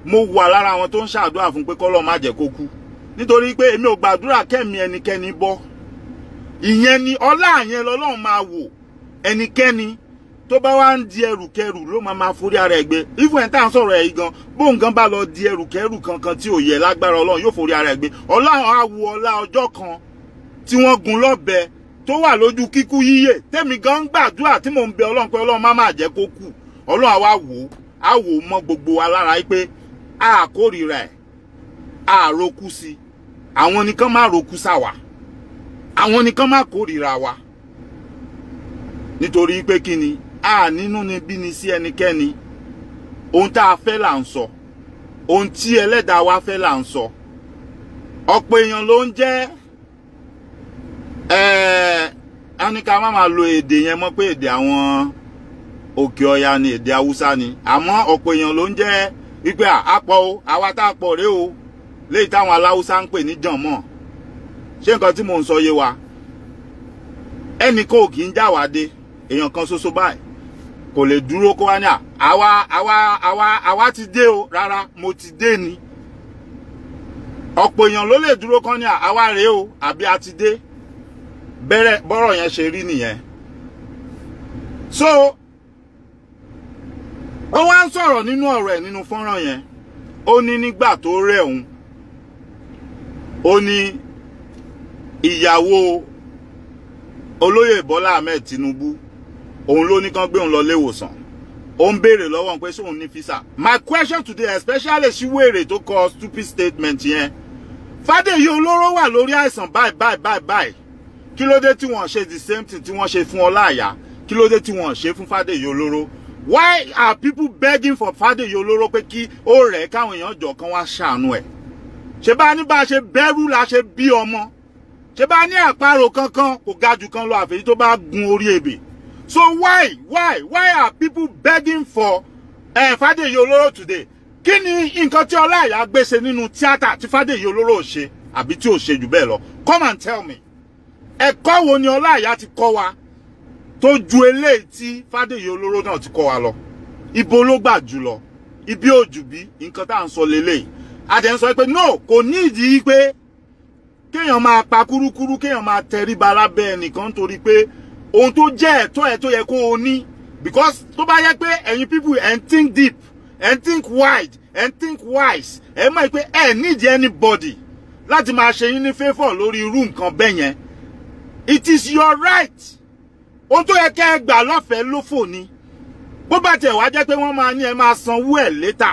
mo wà lára àwọn tó ń ṣàdúrà fún pé kọ́lọ́ má jẹ́ kó kú nítorí pé èmi ò gbàdúrà kẹ́mi ẹnikẹ́ni bọ́ ìyẹn ni ọlá yẹn lọ́lọ́run máa wò ẹnikẹ́ni tó bá wá ń di ẹrùkẹrù ló máa máa forí ara ẹ̀ gbé ifun ẹ̀ tá à ń sọ̀rọ̀ ẹ̀ gan bó nǹkan bá lọ di ẹrùkẹrù kankan tí ò yẹ lágbára ọlọ́run yóò forí ara ẹ̀ gbé ọlọ́run á wo ọlá ọjọ́ kan tí wọ́n gun lọ́bẹ tó wà lójú kíkú yíyè tèmi gan ń gbàdúrà tí mò ń bẹ ọlọ́run pé ọlọ́run má máa jẹ́ kó kú ọlọ́run àwa wò ó á wò ó mọ́ gbogbo wa lára pé a kórìíra ẹ̀ a roku sí àwọn nìkan má roku sáwa àwọn nìkan má kórìíra wa nítorí pé kí ni a nínú ni bí ni sí ẹnikẹ́ni ohun tá a fẹ́ là ń sọ ohun tí ẹlẹ́dàá wa fẹ́ là ń sọ ọ̀pọ̀ èèyàn ló ń jẹ́ ẹ̀ẹ́n eh, ní ká má máa lo èdè yẹn mọ́ pé èdè àwọn òkè ọya ni èdè haúsá ni àmọ́ ọ̀pọ̀ èèyàn ló ń jẹ́ wípé àpọ̀ o àwa tá a pọ̀ rèé o léyìí táwọn aláwúsá ń pè ní jànmọ́ ṣé nǹkan tí mò ń sọ yé wa ẹnì kan kì í jáwàá dé èèyàn kan ṣoṣo báyìí kò lè dúró kó wá ní à àwa àwa àwa àwa ti dé o rárá mo ti dé ni ọ̀pọ̀ èèyàn ló lè dúró kán ní àwa rèé o àbí a ti dé bẹ́rẹ̀ bọ́rọ̀ yẹn ṣe rí nìyẹn so ó wá ń sọ̀rọ̀ nínú ọ̀rọ̀ ẹ̀ nínú fọ́nrán yẹn ó ní nígbà tó rẹ̀ òun ó ní ìyàwó olóyè Bọ́lá Ahmed Tinubu òun ló ní kán gbé òun lọ léwòsàn ó ń béèrè lọ́wọ́ pé sóun ní fisa my question today especially síwèrè tó kọ stupid statement yẹn Fádèyí olóró wà lórí àìsàn báyìí báyìí báyìí báyìí kí ló dé tí wọ́n ṣe the same thing tí wọ́n ṣe fún Ọláìyá kí ló dé tí wọ́n ṣe fún Fádèyí olóró why are people begging for Fádèyí olóró pé kí ó rẹ̀ káwọn èèyàn jọ kan wá ṣàánú ẹ̀ ṣe bá ní bá ṣe bẹ̀rù la ṣe bí ọmọ ṣe bá ní àparò kankan kò ga jù kan lọ àfẹ́yí tó bá gun orí ebè So why, why, why are people begging for uh, eh, Fádèyí Olóró today? Kini ni nǹkan tí Ọláìyá gbé ṣe nínú tíátà tí Fádèyí Olóró ṣe àbí tí ò ṣe jù bẹ́ẹ̀ Come and tell me. Ẹ̀kọ́ wo ni Ọláìyá ti kọ́ wa tó ju eléyìí tí Fádèyí Olóró náà ti kọ́ wa lọ? Ibo ló gbà jù lọ? Ibi òjù bí nǹkan tá à ń sọ A dẹ̀ ń sọ no kò ní ìdí pé kéèyàn máa pa kúrúkúrú kéèyàn máa tẹríba lábẹ́ ẹnìkan torí pé ohun tó jẹ́ ẹ̀tọ́ ẹ̀ tó yẹ kó o ní because tó bá yẹ pé ẹ̀yin people ẹ̀ ń think deep ẹ̀ ń think wide ẹ̀ ń think wise ẹ̀ mọ̀ pé ẹ̀ need anybody láti máa ṣe yín ní favour lórí irú nǹkan bẹ́ẹ̀ yẹn it is your right ohun tó yẹ kẹ́ ẹ gbà lọ́fẹ̀ẹ́ lófò ni bó bá tiẹ̀ wá jẹ́ pé wọ́n máa ní ẹ máa sanwó ẹ̀ létà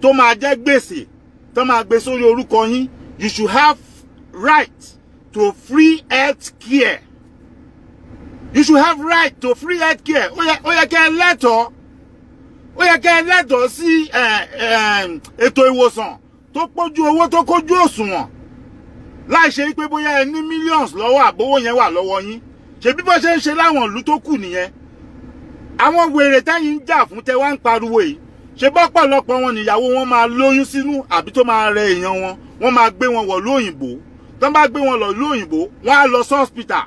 tó máa jẹ́ gbèsè tó máa gbé sórí orúkọ yín you should have right to free health care you should have right to free health care ó yẹ kẹ́ ẹ o, ó yẹ kẹ́ ẹ lẹ́tọ̀ọ́ sí ètò ìwòsàn tó pójú owó tó kójú òṣùwọ̀n láì ṣe pé bóyá ẹ ní millions lọ́wọ́ àbówó yẹn wà lọ́wọ́ yín ṣe bí bó ṣe ń ṣe láwọn ìlú tó kù nìyẹn àwọn wèrè tẹ́yìn ń jà fún tẹ wá ń pariwo yìí ṣe bọ́pọ̀lọpọ̀ wọn nìyàwó wọn máa lóyún sínú àbí tó máa rẹ èèyàn wọn wọ́n máa gbé wọn wọ̀lú òyìnbó tó bá gbé wọn lọ ìlú òyìnbó á lọ sọ́ọ̀sìpìtà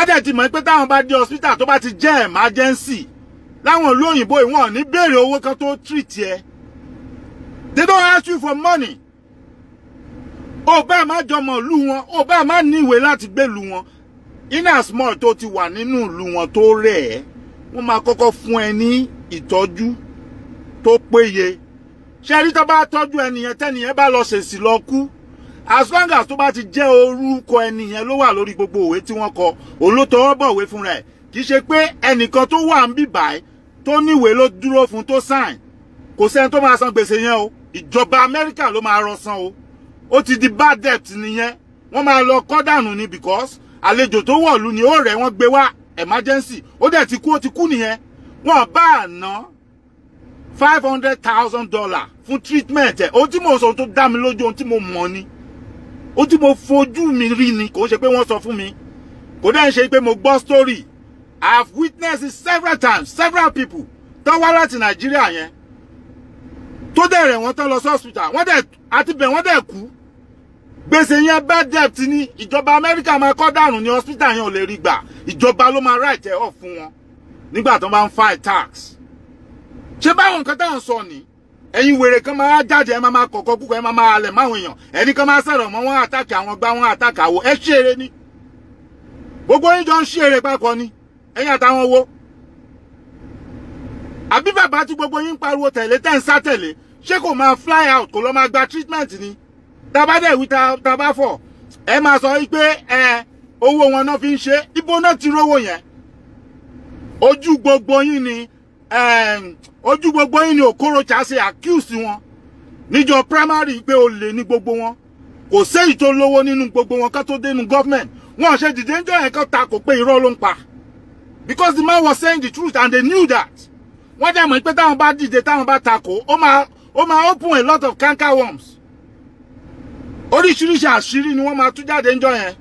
adẹ̀ ti mọ̀ pé táwọn bá dé hospital tó bá ti jẹ́ emergency láwọn ìlú òyìnbó ìwọ̀n ní béèrè owó kan tó treat ẹ they don't ask you for money ò bá má jọmọ ìlú wọn ò bá má ní ìwé láti gbèlú wọn iná small tó ti wà nínú ìlú wọn tó rẹ̀ ẹ́ wọ́n máa kọ́kọ́ fún ẹ ní ìtọ́jú tó péye ṣe rí tó bá tọ́jú ẹnìyẹn tẹ́nìyẹn bá lọ ṣèṣì lọ kú as long as tó bá ti jẹ́ orúkọ ẹni yẹn ló wà lórí gbogbo òwe tí wọ́n kọ òun ló tọwọ́ bọ̀wé fúnra ẹ̀ kì í ṣe pé ẹnìkan tó wà ń bì báyìí tó níwèé ló dúró fún tó sign kò sẹ́ni tó máa san gbèsè yẹn o ìjọba amẹ́ríkà ló máa rán san o ó ti di bad debt nìyẹn wọ́n máa lọ kọ́ dànù ni because àlejò tó wọ̀lú ni ó rẹ̀ wọ́n gbé wá emergency ó dẹ̀ ti kú ó ti kú nìyẹn wọ́n bá àná five hundred thousand dollar fún treatment ẹ̀ ohun tí mo sọ tó dá mi lójú ohun tí mo mọ̀ ni ó mo fojú mi rí ni kò ṣe pé wọ́n sọ fún mi kò dẹ́n ṣe pé mo gbọ́ story i have witnessed it several times several people tó wá láti nàìjíríà yẹn tó dẹ̀ rẹ̀ wọ́n tán lọ sí hospital wọ́n dẹ̀ àti bẹ̀ wọ́n dẹ̀ kú gbèsè yẹn bad debt ni ìjọba amẹ́ríkà máa kọ́ dànù ní hospital yẹn ò lè rí gbà ìjọba ló máa right ẹ̀ off fún wọn nígbà tó bá ń fight tax ṣé báwọn nǹkan táwọn sọ nìyí ẹ̀yin wèrè kan máa jáde ẹ máa máa kọ̀kọ́ kúkọ ẹ máa máa halẹ̀ máwọn èèyàn ẹni kan máa sọ̀rọ̀ mọ́ wọn àtàkì àwọn gbá wọn àtàkì àwọ̀ ẹ ṣeré ni gbogbo yín jọ ń ṣeré papọ̀ ni ẹ̀yin àtàwọn wo àbí bàbá tí gbogbo yín ń pariwo tẹ̀lé tẹ̀ ń sá tẹ̀lé ṣé kò máa fly out kò lọ máa gba treatment ni tábà dẹ̀ wí tábà fọ̀ ẹ máa sọ pé ẹ owó wọn náà fi ń ṣe ibo náà ti rówó yẹn ojú gbogbo yín ni ojú gbogbo yín ni Okorocha ṣe accuse wọn níjọ primary pé olè ní gbogbo wọn kò séyìí tó lówó nínú gbogbo wọn ká tó dénú government wọn ṣe dìde níjọ yẹn kan ta kò pé irọ́ ló ń pa because the man was saying the truth and they knew that wọ́n dẹ̀ mọ̀ pé táwọn bá dìde táwọn bá takò ó máa ó máa open a lot of canker worms oríṣiríṣi àṣírí ni wọ́n máa tú jáde níjọ yẹn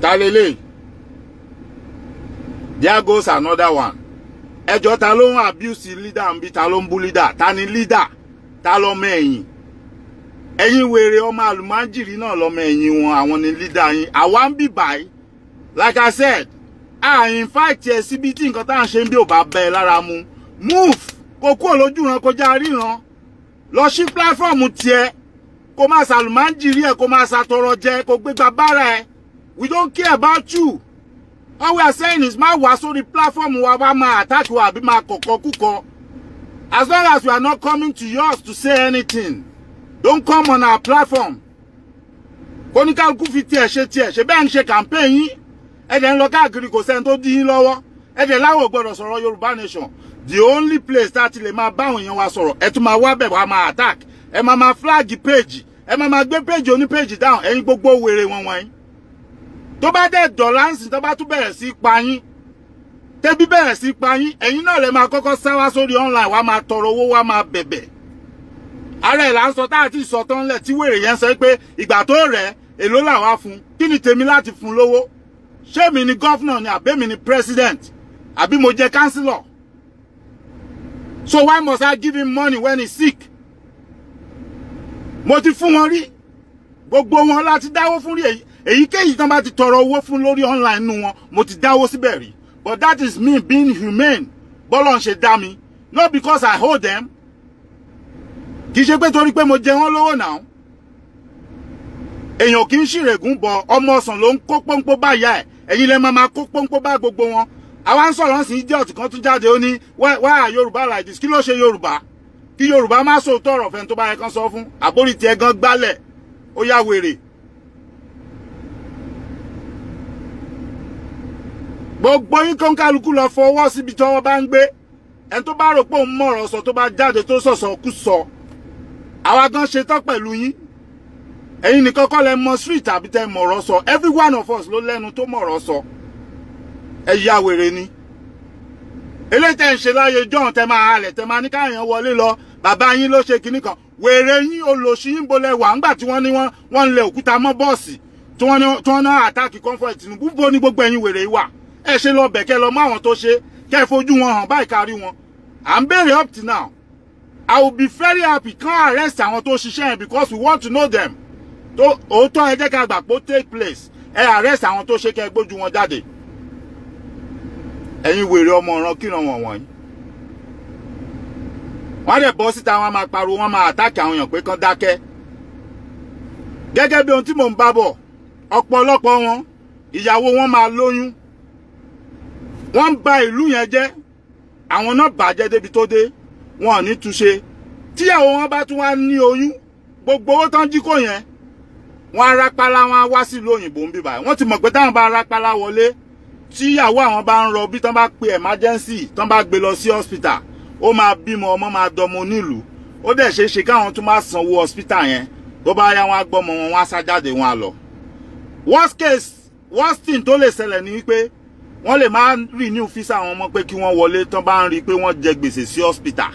talele there goes another one ẹjọ́ ta ló ń abuse leader ń bi ta ló ń bú leader ta ni leader ta lọ́mọ ẹ̀yìn ẹ̀yin wèrè ọmọ àlùmájìrì náà lọ́mọ ẹ̀yìn wọn àwọn ni leader yín àwa ń bì báyìí like i said àyìn fáìtì ẹ̀ síbi tí nǹkan tá à ń ṣe ń bí ò bá bẹ ẹ lára mu move kó kúrò lójú ran kọjá ríran lọ sí platform tiẹ̀ kó má ṣàlùmájìrì ẹ̀ kó má ṣàtọrọ jẹ kó gbégbá bára ẹ̀. We don't care about you. All we are saying is máa wá the platform wa wá máa attack wa àbí my koko kuko. As long as we are not coming to yours to say anything, don't come on our platform. Konika fi tiẹ̀ ṣe tiẹ̀ ṣe bẹ́ẹ̀ ń campaign yín. Ẹ̀dẹ̀ ń lọ káàkiri kò sẹ́ni tó dí yín lọ́wọ́. Ẹ̀dẹ̀ láwọ̀ gbọ́dọ̀ sọ̀rọ̀ nation. The only place that a ti lè máa báwọn wa soro ẹ̀ tún máa wá bẹ̀ wá attack. Ẹ ma máa flag page. Ẹ ma máa gbé page oni page down. E Ẹ̀yin gbogbo wèrè wọn wọ̀nyí tó bá dẹ̀ dọ̀lá ń sìn tó bá tún bẹ̀rẹ̀ sí pa yín tẹ́bí bẹ̀rẹ̀ sí pa yín ẹ̀yin náà lè máa kọ́kọ́ sá wá sórí online wá máa tọrọ owó wá máa bẹ̀bẹ̀ ara ẹ̀ là ń sọ tá àti ìsọ tán lẹ̀ tí wèrè yẹn sọ pé ìgbà tó rẹ̀ èló làwa fún kí ni tèmi láti fún lówó ṣé mi ni gọ́fúnà ni àbẹ́mi ni president àbí mo jẹ́ kánsílọ̀ so why must I give him money when he's sick mo ti fún wọn rí gbogbo wọn láti dáwó fún rí èyí èyíkéyìí tán bá ti tọrọ owó fún lórí online nu wọn mo ti dáwó síbẹ̀ rí but that is me being humane bọ́lọ̀ ń ṣe dá mi not because I hold them kì í ṣe pé torí pé mo jẹ wọ́n lówó náà èèyàn kì í ṣìrègùn bọ ọmọ ọsàn ló ń kó pọ́npọ́ báyà ẹ̀ ẹ̀yin lẹ́ máa máa kó pọ́npọ́ bá gbogbo wọn àwa ń sọ̀rọ̀ sí idiot kan tún jáde ó ní wá Yorùbá like this kí ló ṣe Yorùbá kí Yorùbá má sòótọ́ ọ̀rọ̀ fẹ́ni tó bá yẹ kán sọ fún àbórí tiẹ̀ gan gbálẹ̀ ó yá wèrè gbogbo yín kan kálukú lọ fọwọ́ síbi tí wọ́n bá ń gbé ẹni tó bá rò pé òun mọ̀ràn sọ tó bá jáde tó sọ̀sọ̀ kú sọ àwa gan ṣetán pẹ̀lú yín ẹ̀yin nìkan kọ́ lẹ mọ street àbí tẹ mọ̀ràn sọ every one of us ló lẹ́nu tó mọ̀ràn sọ ẹ ya wèrè ni eléyìí tẹ ń ṣe láyé john tẹ máa halẹ̀ tẹ máa ní káyàn wọlé lọ bàbá yín ló ṣe kinní kan wèrè yín olóṣì yín bolẹ̀ wà ńgbà tí wọ́n ní wọ́n ń lẹ òkúta mọ́ bọ́ọ̀sì tí wọ́n ní àtàkì comfort Tinubu bó ní gbogbo ẹ̀yin wèrè yìí wà ẹ ṣe lọ bẹ̀ lọ mọ àwọn tó ṣe kẹ́ fojú wọn hàn báyìí kárí wọn à ń béèrè up till now i will be very happy kan arrest àwọn tó ṣiṣẹ́ yẹn because we want to know them tó òótọ́ ẹ jẹ́ ká gbà pé take place ẹ arrest àwọn tó ṣe kẹ́ gbójú wọn jáde ẹ̀yin wèrè ọmọ ọ̀ràn kíran wọ̀n wọ̀nyí wọ́n á dẹ̀ bọ́ síta wọn máa pariwo wọn máa àtàkì àwọn èèyàn pé kán dákẹ́ gẹ́gẹ́ bí ohun tí mò ń bá bọ̀ ọ̀pọ̀lọpọ̀ wọn ìyàwó wọn máa lóyún wọ́n ń ba ìlú yẹn jẹ́ àwọn náà bàjẹ́ débi tó dé wọn ò ní túnṣe tíyàwó wọn bá tún wá ní oyún gbogbo owó tán jí kò yẹn wọn arápálá wọn á wá sí ìlú òyìnbó ń bíbà wọn ti mọ̀ pé táwọn bá arápálá wọlé tíyàwó àwọn bá ń rọbí tán bá pe emergency tán bá gbé lọ sí hospital ó máa bímọ ọmọ máa dọmọ onílùú ó dẹ̀ ṣeé ṣe káwọn tún máa sanwó hospital yẹn tó bá yá wọn á gbọ́mọ wọn wọn á sá jáde wọn lọ worst case worst thing tó lè ṣẹlẹ̀ ni wípé wọ́n lè máa renew fisa àwọn ọmọ pé kí wọ́n wọlé tán bá ń rí i pé wọ́n jẹ gbèsè sí hospital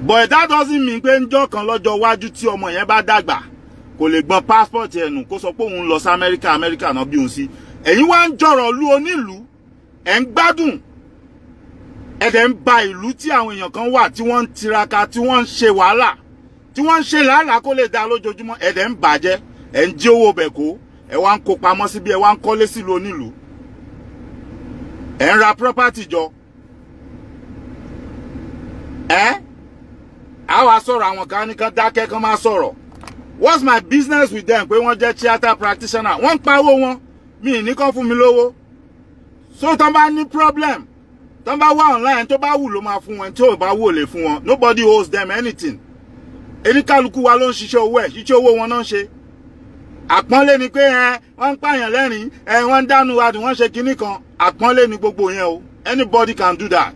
but that doesn't mean pé ńjọ́ kan lọ́jọ́ iwájú tí ọmọ yẹn bá dàgbà kò lè gbọ́n passport ẹ̀ nù kó sọ pé òun lọ sí Amẹ́ríkà Amẹ́ríkà náà bí òun sí ẹ̀yin wá ń jọ̀rọ̀ lu onílùú ẹ̀ ń gbádùn ẹ̀dẹ̀ ń ba ìlú tí àwọn èèyàn kan wà tí wọ́n ń tiraka tí wọ́n ń ṣe wàhálà tí wọ́n ń ṣe làálàá kó lè da lójoojúmọ́ ẹ̀dẹ̀ ń bàjẹ́ ẹ̀ ń jí owó bẹ̀ kó ẹ̀ wá ń kó pamọ́ síbi ẹ̀ wá ń kọ́lé sílùú onílùú ẹ̀ ń ra property jọ ẹ́ a wá sọ̀rọ̀ àwọn kan ní kan dákẹ́ kan máa sọ̀rọ̀ what's my business with them pé wọ́n jẹ́ theatre practitioner wọ́n ń pawó wọn mi ì ní kán fún mi lówó so tán bá ní problem tán bá wá online tó bá wù ló máa fún wọn tí ò bá wù ò lè fún wọn nobody owes them anything eníkálukú wa ló ń ṣiṣẹ́ owó ẹ̀ ṣiṣẹ́ owó wọn náà ń ṣe àpọ́nlé ni pé ẹ wọ́n ń pààyàn lẹ́rìn ẹ wọ́n ń dánú adùn wọ́n ṣe kinní kan àpọ́nlé ni gbogbo yẹn o anybody can do that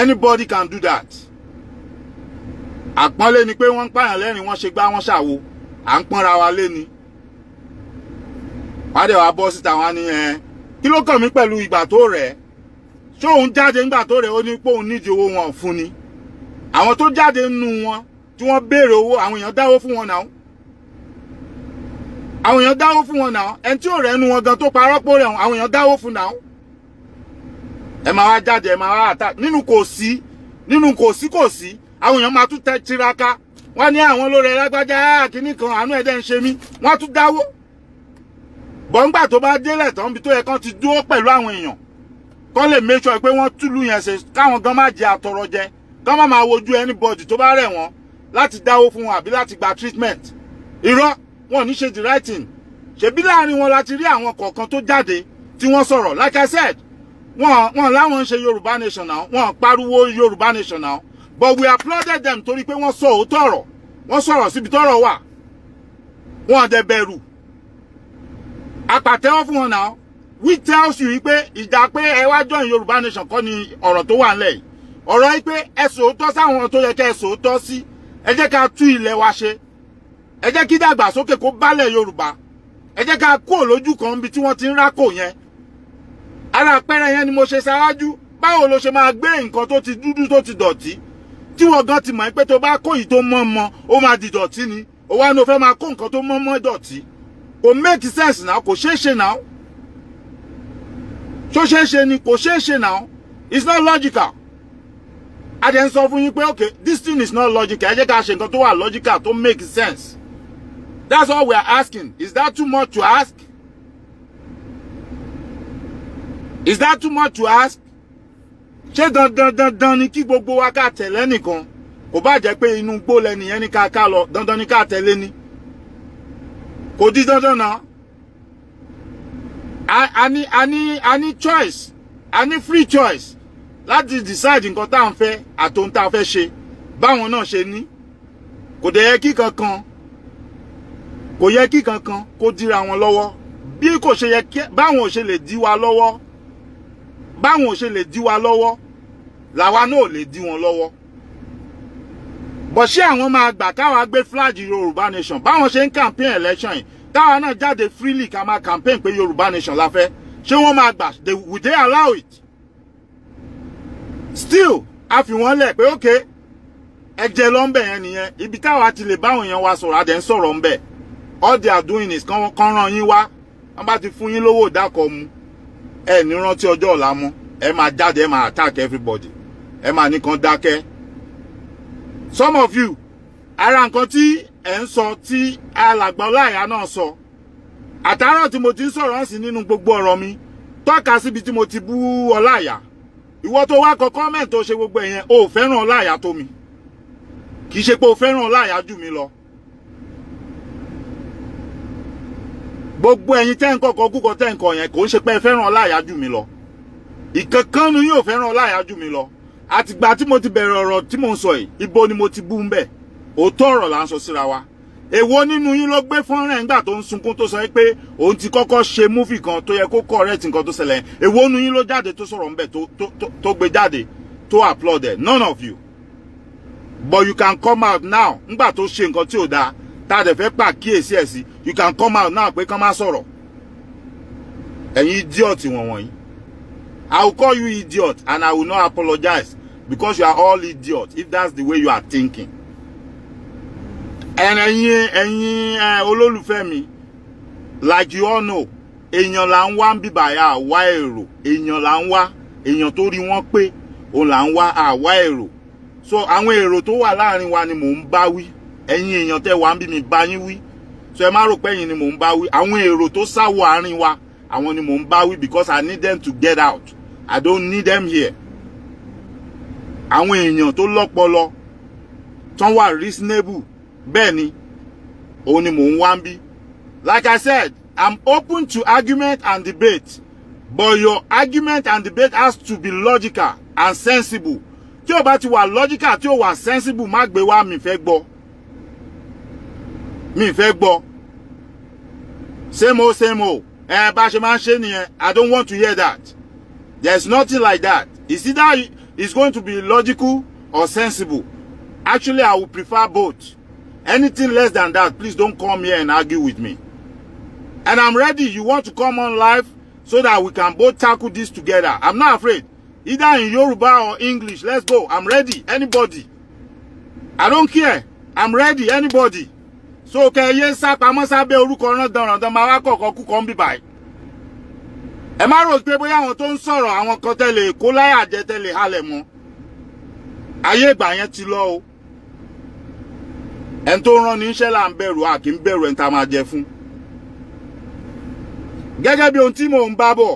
anybody can do that àpọ́nlé ni pé wọ́n ń pààyàn lẹ́rìn wọ́n ṣe gbá wọ́n ṣàwo à ń pọ́nra wa léni wàá dẹ̀ bọ́ síta wá ní ẹ kí ló kàn mí pẹ̀lú ìgbà tó rẹ̀ ṣé òun jáde nígbà tó rẹ̀ ó ní pé òun nídìí owó wọn fún ni àwọn tó jáde nínú wọn tí wọ́n béèrè owó àwọn èèyàn dáwó fún wọn náà àwọn èèyàn dáwó fún wọn náà ẹni tí ò rẹ́nu wọn gan tó parọ́ pò rẹ̀ àwọn èèyàn dáwó fún náà ẹ máa wá jáde ẹ máa wá àtà nínú kò sí nínú kò sí kò sí àwọn èèyàn máa tún tẹ tiraka wọ́n ní àwọn olóore lágbájá ah, kínní kan àánú ẹ̀dẹ̀ ń ṣe mí wọ́n tún dáwó bọ́ńgbà tó bá délẹ̀ tán bí tó yẹ kán ti dúró pẹ̀lú àwọn èèyàn kán lè make sure pé wọ́n túlù yẹn ṣe káwọn gan má jẹ àtọrọ jẹ kán má máa wojú anybody tó bá rẹ̀ wọ́n láti dáwó fún wọn àbí láti gba treatment irọ́ wọn ò ní ṣe the right thing ṣebí láàrin wọn láti rí àwọn kọ̀ọ̀kan tó jáde tí wọ́n sọ̀rọ̀ like I said wọn wọn láwọn ń ṣe Yorùbá nation now wọn pariwo Yorùbá nation now but we applauded them torí pé wọ́n sọ òótọ́ ọ̀rọ̀ wọ́n sọ̀rọ̀ síbi tọ́rọ̀ wà wọn dẹ̀ bẹ̀rù apàtẹ́wọ́ fún wọn náà we tells you pé ìjà pé ẹ wá join Yorùbá nation kọ́ ni ọ̀rọ̀ tó wà nílẹ̀ yìí ọ̀rọ̀ yìí pé ẹ sòótọ́ sáwọn tó yẹ kẹ́ ẹ sòótọ́ sí ẹ jẹ́ ká tú ilẹ̀ wa ṣe ẹ jẹ́ kí dàgbàsókè kó bálẹ̀ yorùbá ẹ jẹ́ ká kúrò lójú kan níbi tí wọ́n ti ń rákò yẹn ara àpẹẹrẹ yẹn ni mo ṣe ṣáájú báwo ló ṣe máa gbé nǹkan tó ti dúdú tó ti dọ̀tí tí wọ́n gan ti mọ̀ pé tó bá kó yìí tó mọ́ mọ́ ó máa di dọ̀tí ni ó wá ní o fẹ́ máa kó nǹkan tó mọ́ mọ́ dọ̀tí kò make sense now. kò ṣeé ṣe náà ṣó ṣeé ṣe ni kò ṣeé ṣe náà it's not logical a dẹ̀ ń sọ fún yín pé okay this thing is not logical ẹ jẹ́ ká ṣe nǹkan tó wà logical tó make sense That's all we are asking. Is that too much to ask? Is that too much to ask? Ṣé dandan dandan ni kí gbogbo wa ká tẹ̀lé nìkan? Kò bá jẹ́ pé inú gbó lẹ́nìyẹn ní ká ká lọ, dandan ni ká tẹ̀lé ni. Kò di dandan náà. A ní a ní a ní choice, a ní free choice láti decide nǹkan tá à ń fẹ́ àtòun tá a fẹ́ ṣe. Báwọn náà ṣe ní. Kò dẹ̀ yẹ kí kankan kò yẹ kí kankan kó dira wọn lọ́wọ́ bí kò ṣe yẹ kí báwọn ò ṣe lè dí wa lọ́wọ́ báwọn ò ṣe lè dí wa lọ́wọ́ làwa náà ò lè dí wọn lọ́wọ́ bọ̀ṣẹ́ àwọn máa gbà káwa gbé flag yorùbá nation báwọn ṣe ń campaign election yìí táwa náà jáde freely ká máa campaign pé yorùbá nation la fẹ́ ṣé wọ́n máa gbà they would they allow it still a fi wọ́n lẹ̀ pé okay ẹ̀jẹ̀ lọ́nbẹ̀ yẹn nìyẹn ibi táwa ti lè báwọn èèyàn wa sọ̀rọ̀ adẹ̀ ń sọ̀rọ̀ ńbẹ̀ all they are doing is kán rán yín wá wọ́n bá ti fún lowo. lówó ìdákọ̀ mu ẹ ní rántí ọjọ́ ọ̀la mọ́ ẹ máa jáde ẹ máa attack everybody ẹ máa nìkan dákẹ́ some of you ara nǹkan tí ẹ ń sọ tí alàgbà ọláìyá náà sọ àtàárọ̀ mo ti ń sọ̀rọ̀ sí nínú gbogbo ọ̀rọ̀ mi tọ́ka síbi tí mo ti bú ọláìyá ìwọ tó wá kọ kọ́mẹ̀ntì tó ṣe gbogbo ẹ̀yẹn o ò fẹ́ràn ọláìyá tó mi kì í ṣe pé o fẹ́ràn ọláìyá jù mí lọ gbogbo ẹ̀yin tẹ́ ń kọ́kọ́ kúkọ tẹ́ ń kọ yẹn kò ń ṣe pé ẹ fẹ́ràn ọláyájú mi lọ ìkankan ni yóò fẹ́ràn ọláyájú mi lọ àtìgbà tí mo ti bẹ̀rẹ̀ ọ̀rọ̀ tí mo ń sọ yìí ibo ni mo ti bú ń bẹ̀ òótọ́ ọ̀rọ̀ là ń sọ síra wa èwo nínú yín ló gbé fọ́nrán nígbà tó ń sunkún tó sọ pé òun ti kọ́kọ́ ṣe múfì kan tó yẹ kó correct nǹkan tó ṣẹlẹ̀ èwo nínú yín ló jáde tó sọ̀rọ̀ ńbẹ̀ tó gbé jáde tó applaud ẹ̀ none of you but you can come out now nígbà tó ṣe nǹkan tí ò dáa tá a dẹ̀ fẹ́ pa kíyèsí ẹ̀ sí you can come out now pé kán má sọ̀rọ̀ ẹ̀yin idiot wọ̀n wọ̀nyí I will call you idiot and I will not apologize because you are all idiots if that's the way you are thinking And ẹ̀yin ẹ̀yin olólùfẹ́ mi like you all know èèyàn là ń wá ń bíbà yà àwa èrò èèyàn là ń wá èèyàn tó rí wọn pé òun là ń wá àwa so àwọn èrò tó wà láàrin wa ni mò ń bá wí ẹ̀yin èèyàn tẹ́ wà ń bí mi bá yín wí so ẹ má rò pé ẹ̀yin ni mò ń bá wí àwọn èrò tó sáwọ àárín wa àwọn ni mò ń bá wí because I need them to get out I don't need them here àwọn èèyàn tó lọ́pọlọ tán wà reasonable bẹ́ẹ̀ ni òun ni mò ń wá ń bí like I said I'm open to argument and debate but your argument and debate has to be logical and sensible tí o bá ti wà logical tí o wà sensible má gbé wá mi fẹ́ gbọ́ mi fẹ́ gbọ́ same old same old ẹ bá ṣe máa ṣe nìyẹn i don't want to hear that there is nothing like that it's either it's going to be logical or sensible actually i would prefer both anything less than that please don't come here and argue with me and i'm ready you want to come on live so that we can both tackle this together i'm not afraid either in Yoruba or English let's go i'm ready anybody i don't care i'm ready anybody so kẹ yé sá pamọ́ sábẹ́ orúkọ rándanrandan máa wá kọ̀ọ̀kan kúkọ̀ ń bì báyìí ẹ má rò pé bóyá àwọn tó ń sọ̀rọ̀ àwọn kan tẹ́lẹ̀ kó láyà jẹ tẹ́lẹ̀ halẹ̀ mọ́ ayé ìgbà yẹn ti lọ o ẹni tó ń ní iṣẹ́ là ń bẹ̀rù a kì í bẹ̀rù ẹni tá a máa jẹ fún gẹ́gẹ́ bí ohun tí mò ń bá bọ̀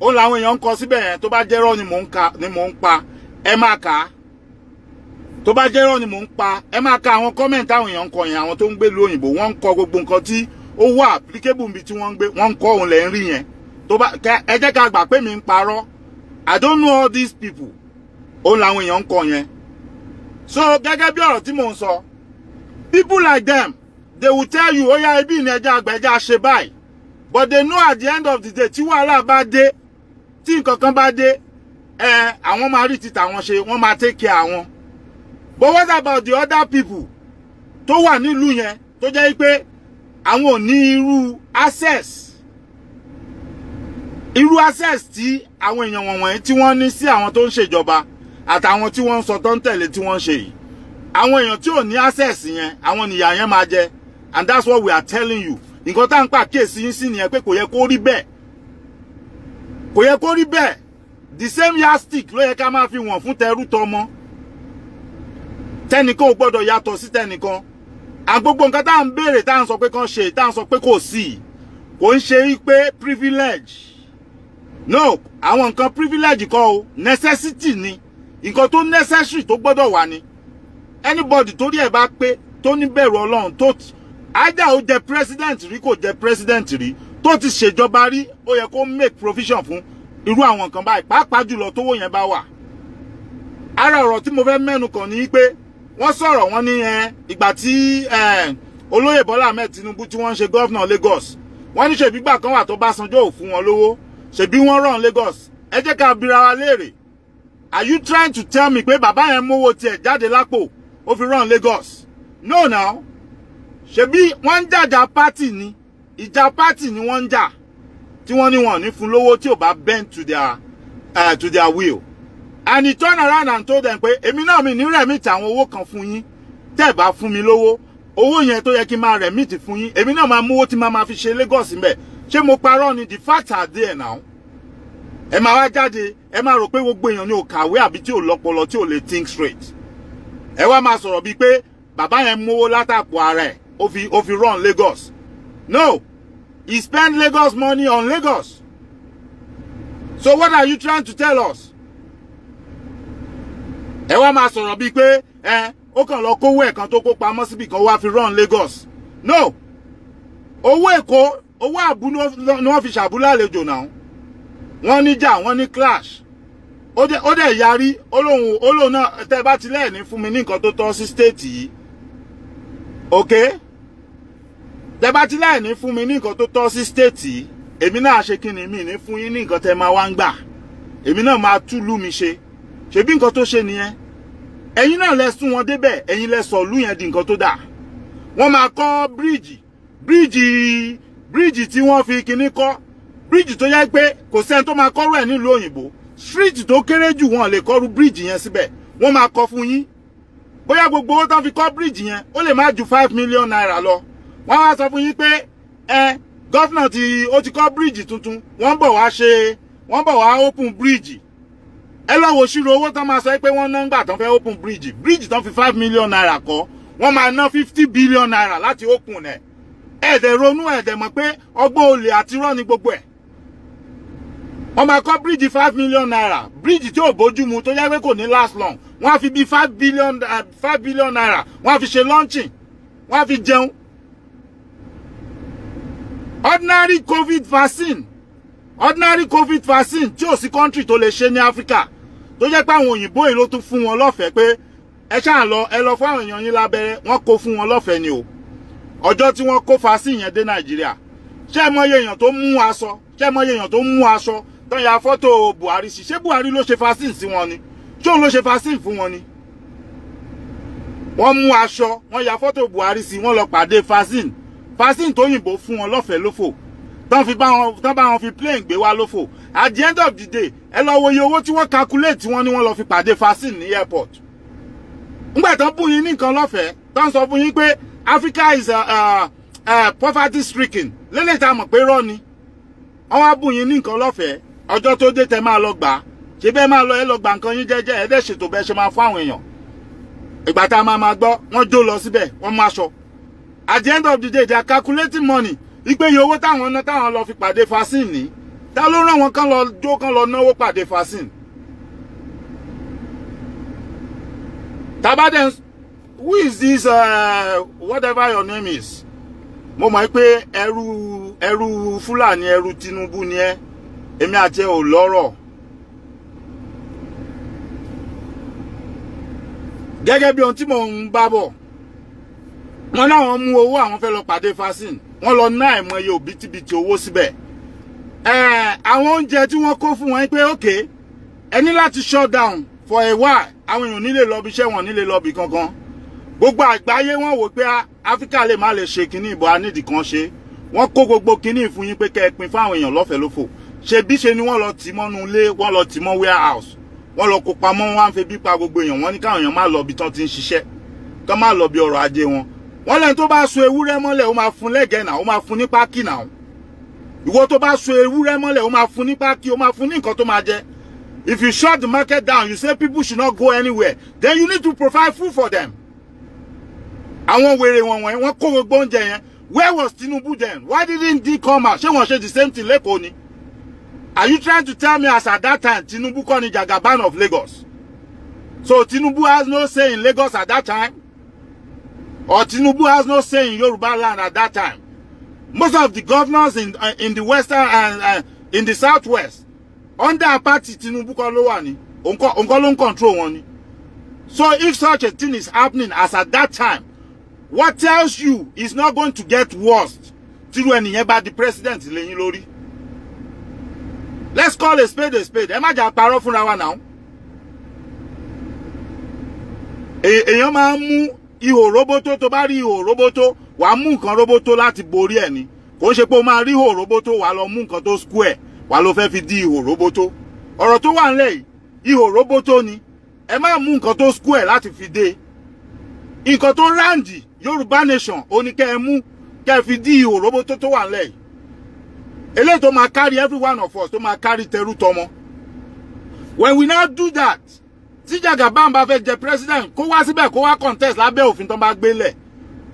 ó làwọn èèyàn ń kọ síbẹ̀ yẹn tó bá jẹ́rọ́ ni mò ń pa ẹ máa kà á tó bá jẹ́ irọ́ ni mò ń pa ẹ máa ka àwọn kọ́mẹ̀ntì àwọn èèyàn ń kọ yẹn àwọn tó ń gbé lu òyìnbó wọ́n ń kọ gbogbo nǹkan tí ó wà applicable bí tí wọ́n ń gbé wọ́n ń kọ òun lẹ̀ ń rí yẹn tó bá ẹ jẹ́ ká gbà pé mi ń parọ́ I don't know all these people òun làwọn èèyàn ń kọ yẹn so gẹ́gẹ́ bí ọ̀rọ̀ tí mò ń sọ people like them they will tell you ó yá ibi ìní ẹja àgbà ẹja ṣe báyìí but they know at the end of the day tí wàhálà bá dé tí nǹkan kan bá dé ẹ àwọn máa rí ti tàwọn ṣe wọ́n máa take care àwọn but what about the other people tó wà nílùú yẹn tó to pé àwọn ò ní irú access irú access tí àwọn èèyàn wọ̀nyí tí wọ́n ní sí àwọn tó ń ṣèjọba àtàwọn tí wọ́n ń sọ tó ń tẹ̀lé tí wọ́n ń ṣe yìí àwọn èèyàn tí ò ní access yẹn àwọn nìyà yẹn máa jẹ and that's what we are telling you nǹkan tá à ń pàkíyèsí yín sí nìyẹn pé kò yẹ kó rí bẹ́ẹ̀ kò yẹ kó rí bẹ́ẹ̀ the same yardstick ló yẹ ká máa fi wọ̀n fún tẹrú tọmọ tẹnìkan ò gbọ́dọ̀ yàtọ̀ sí tẹnìkan àgbogbo nǹkan tá à ń béèrè tá à ń sọ pé kán ṣe tá à ń sọ pé kò sí kò ń ṣe wípé privilege no àwọn nǹkan privilege kọ́ o necessity ni nǹkan tó necessary tó gbọ́dọ̀ wà ni anybody tó rí ẹ̀ bá pé tó níbẹ̀rù ọlọ́run tó either ó jẹ president rí kò jẹ president rí tó ti ṣèjọba rí ó yẹ kó make provision fún irú àwọn nǹkan báyìí pàápàá jùlọ tówó yẹn bá wà ara ọ̀rọ̀ tí mo fẹ́ mẹ́nu kàn ní pé wọ́n sọ̀rọ̀ wọ́n ní ìgbà tí olóyè Bọ́lá Ahmed Tinubu tí wọ́n ń ṣe gọ́vnà Lagos wọ́n ní ṣèbí gbà kan wà tó bá sanjó ò fún wọn lówó ṣèbí wọ́n rán Lagos ẹ jẹ́ ká bira wa léèrè are you trying to tell me pé bàbá yẹn mówó tiẹ̀ jáde lápò ó fi rán Lagos no now ṣebí wọ́n ń jàjà pátì ni ìjà pátì ni wọ́n ń jà tí wọ́n ní wọn ò ní fún lówó tí ò bá bend to their uh, to their will and he turned around and told them pé èmi náà mi ní remit àwọn owó kan fún yín tẹ́ bá fún mi lówó owó yẹn tó yẹ kí máa remit fún yín èmi náà máa mówó tí máa máa fi ṣe Lagos ńbẹ̀ ṣé mo parọ́ ni the facts are there now ẹ máa wá jáde ẹ máa rò pé gbogbo èèyàn ni ò kàwé àbí tí ò lọ́pọlọ tí ò lè think straight ẹ wá máa sọ̀rọ̀ bíi pé bàbá yẹn mówó látàkù ara ẹ̀ ó fi ó fi run Lagos no he spend Lagos money on Lagos so what are you trying to tell us ẹ wá máa sọ̀rọ̀ bíi pé ẹ ó kàn lọ kówó ẹ̀kan tó kó pamọ́ kan wá fi run Lagos no owó èkó owó àbú ni wọ́n fi ṣàbúlá àlejò náà wọ́n níjà wọ́n ní clash ó dẹ̀ yarí olóhùn olóhùn náà tẹ́ bá ti lẹ́ẹ̀ní fún mi ní nǹkan tó tọ́ sí stéètì yìí ok tẹ́ bá ti lẹ́ẹ̀ní fún mi ní nǹkan tó tọ́ sí stéètì yìí èmi náà ṣe kí ni mi ní fún yín ní nǹkan tẹ́ máa wá ń gbà èmi náà máa túlù mi ṣe ṣebí nǹkan tó ṣe nìyẹn ẹ̀yin náà lẹ sún wọn débẹ̀ ẹ̀yin lẹ sọ ìlú yẹn di nǹkan tó dáa wọ́n máa kọ́ bridge bíríìjì bíríìjì tí wọ́n fi kinní kọ́ bíríìjì tó yẹ pé kò sẹ́ni tó máa kọ́rọ̀ ẹ̀ nílùú òyìnbó street tó kéré jù wọn lè kọ́rù bíríìjì yẹn síbẹ̀ wọ́n máa kọ́ fún yín bóyá gbogbo owó tán fi kọ́ bíríìjì yẹn ó lè má ju five million naira lọ wọ́n wá sọ fún yín pé ẹ gọ́fìnà tí ó ti kọ́ bíríìjì tuntun wọ́n bọ̀ wá ṣe wọ́n bọ̀ wá open bíríìjì ẹ lọ wo ṣírò owó tán máa sọ pé wọ́n ná ńgbà tán fẹ́ open bridge bridge tán fi five million naira kọ́ wọ́n máa ná fifty billion naira láti open ẹ̀ ẹ̀dẹ̀ ronú ẹ̀dẹ̀ mọ̀ pé ọgbọ́n olè àti irọ́ ni gbogbo ẹ̀ wọ́n máa kọ́ bridge five million naira bridge tí ò bójúmu tó yẹ pé kò ní last long wọ́n á fi bí five billion eh, five billion naira wọ́n á fi ṣe launching wọ́n á fi jẹun ordinary covid vaccine ordinary covid vaccine tí ò sí country tó lè ṣe ní Africa tó jẹ́ pé àwọn òyìnbó yìí ló tún fún wọn lọ́fẹ̀ẹ́ pé ẹ ṣáà lọ ẹ lọ fún àwọn èèyàn yín lábẹ́rẹ́ wọ́n kó fún wọn lọ́fẹ̀ẹ́ ni o ọjọ́ tí wọ́n kó fasí yẹn dé nàìjíríà ṣé ẹ mọye èèyàn tó mú aṣọ ṣé ẹ mọye èèyàn tó mú aṣọ tán ya fọ́tò buhari sí ṣé buhari ló ṣe fasí sí wọn ni ṣé òun ló ṣe fasí fún wọn ni wọ́n mú aṣọ wọ́n ya fọ́tò buhari sí wọ́n lọ pàdé fasí fasí tóyìnbó fún wọn lọ́fẹ̀ẹ́ lófò tán bá wọn fi plane gbé wá lófò at the end of the day ẹ lọ wo iye owó tí wọ́n calculate wọn ni wọ́n lọ fi pàdé fasin ní airport ńgbà tán bù yín ní nǹkan lọ́fẹ̀ẹ́ tán sọ fún yín pé Africa is a uh, uh, uh, poverty stricken lélẹ̀ tá a mọ̀ pé rọ́ ni wọ́n wá bù yín ní nǹkan lọ́fẹ̀ẹ́ ọjọ́ tó dé tẹ máa lọ gbà á ṣé bẹ́ẹ̀ máa lọ ẹ lọ gbà nǹkan yín jẹ́jẹ́ ẹ dẹ̀ ṣètò bẹ́ẹ̀ ṣe máa fún àwọn èèyàn ìgbà tá a máa máa gbọ́ wọ́n jó lọ síbẹ̀ wọ́n máa ṣọ at the end of the day they are calculating money ìgbéyìí owó táwọn ọ̀nà táwọn lọ fi pàdé fasin nìí ta ló rán wọn kán lọ jó kán lọ náwó pàdé fasin tabaden who is this uh, whatever your name is mo mọ̀ pé ẹrú ẹrú fúlàní ẹrú Tinubu ni ẹ èmi àti ẹ ò lọ́rọ̀ gẹ́gẹ́ bí ohun tí mò ń bá bọ̀ wọ́n láwọn mú owó àwọn fẹ́ lọ pàdé fasin wọ́n lọ ná àìmọye òbítíbitì owó síbẹ̀. Eh, àwọn oúnjẹ tí wọ́n kó fún wọn pé okay ẹ ní láti shut down for a while àwọn èèyàn nílé lọ bí iṣẹ́ wọn nílé lọ bí kankan gbogbo àgbáyé wọn wò pé ah, áfíríkà lè má lè ṣe kinní ìbò anídì kan ṣe wọ́n kó gbogbo kinní fún yín pé kẹ́ ẹ pin fáwọn èèyàn lọ́fẹ̀ẹ́ lófò ṣe bí ṣe ni wọ́n lọ tì mọ́nú ilé wọ́n lọ tì mọ́ warehouse wọ́n lọ kó pamọ́ wọn á ń fi bí pa gbogbo èèyàn wọ́n ní káwọn èèyàn má lọ bí tán ti ń ṣiṣẹ́ kán má lọ bí ọrọ̀ ajé wọn wọ́n lẹ́ni tó bá so ewúrẹ́ mọ́lẹ̀ ó máa fún lẹ́gẹ̀ẹ́ náà ó máa fún ní pákì náà ìwọ tó bá so ewúrẹ́ mọ́lẹ̀ o máa fún ní pákí o máa fún ní nǹkan to máa jẹ if you shut the market down you say people should not go anywhere then you need to provide food for them àwọn wèrè wọ̀nyẹn wọ́n kó gbogbo oúnjẹ yẹn where was Tinubu then why didn't he come out ṣé wọ́n say the same thing lẹ́kọ̀ọ́ ni are you trying to tell me as at that time Tinubu kọ́ ni Jagaban of Lagos so Tinubu has no say in Lagos at that time or Tinubu has no say in Yoruba land at that time Most of the governors in uh, in the western uh, and uh, in the southwest under party Tinubu kọ́ ló wà ní òun kọ́ control wọn ni. So if such a thing is happening as at that time, what tells you it's not going to get worse tírú ẹnìyẹn bá the president lẹ́yìn lori. Let's call a spade a spade. Ẹ má jà parọ́ fúnra wa náà. Èèyàn máa ń mú roboto tó bá rí ihò roboto wà á mú nǹkan roboto láti borí ẹ̀ ni kò ń ṣe pé o máa rí ihò roboto wà á lọ mú nǹkan square wà á lọ fẹ́ fi di ihò roboto ọ̀rọ̀ tó wà nílẹ̀ yìí ihò roboto ni ẹ má mú nǹkan tó square láti fi dé nǹkan tó ráǹdì Yorùbá nation oníkẹ́ ẹ mú kẹ́ ẹ fi di ihò roboto tó wà nílẹ̀ yìí eléyìí tó máa carry every one of us to máa carry tẹrú tọmọ when we now do that tí Jagaban bá fẹ́ jẹ president kó wá síbẹ̀ kó wá contest lábẹ́ òfin tó bá gbélẹ̀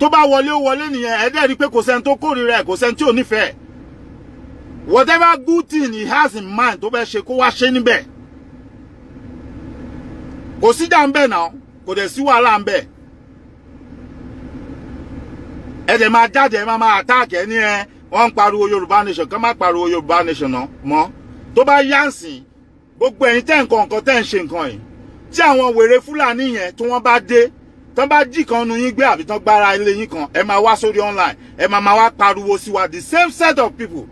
tó bá wọlé ó wọlé nìyẹn ẹ rí pé kò sẹ́ni tó kórìíra ẹ̀ kò sẹ́ni tí ò nífẹ̀ẹ́ whatever good thing he has in mind tó bẹ́ẹ̀ ṣe kó wá ṣe níbẹ̀ kò síjà ń bẹ̀ náà kò dẹ̀ sí wàhálà ń bẹ̀ ẹ dẹ̀ máa jáde ẹ máa máa attack ẹ ní ẹ wọ́n ń pariwo Yorùbá nation kán má pariwo Yorùbá nation náà mọ́ tó bá yá ǹsìn gbogbo ẹ̀yin tẹ́ nǹkan nǹkan tẹ́ ń ṣe nǹkan yìí tí àwọn wèrè Fúlàní yẹn tí wọ́n bá dé tán bá jí kan nu yín gbé àbí tán gbára ilé yín kan ẹ máa wá sórí online ẹ máa máa wá pariwo sí wa the same set of people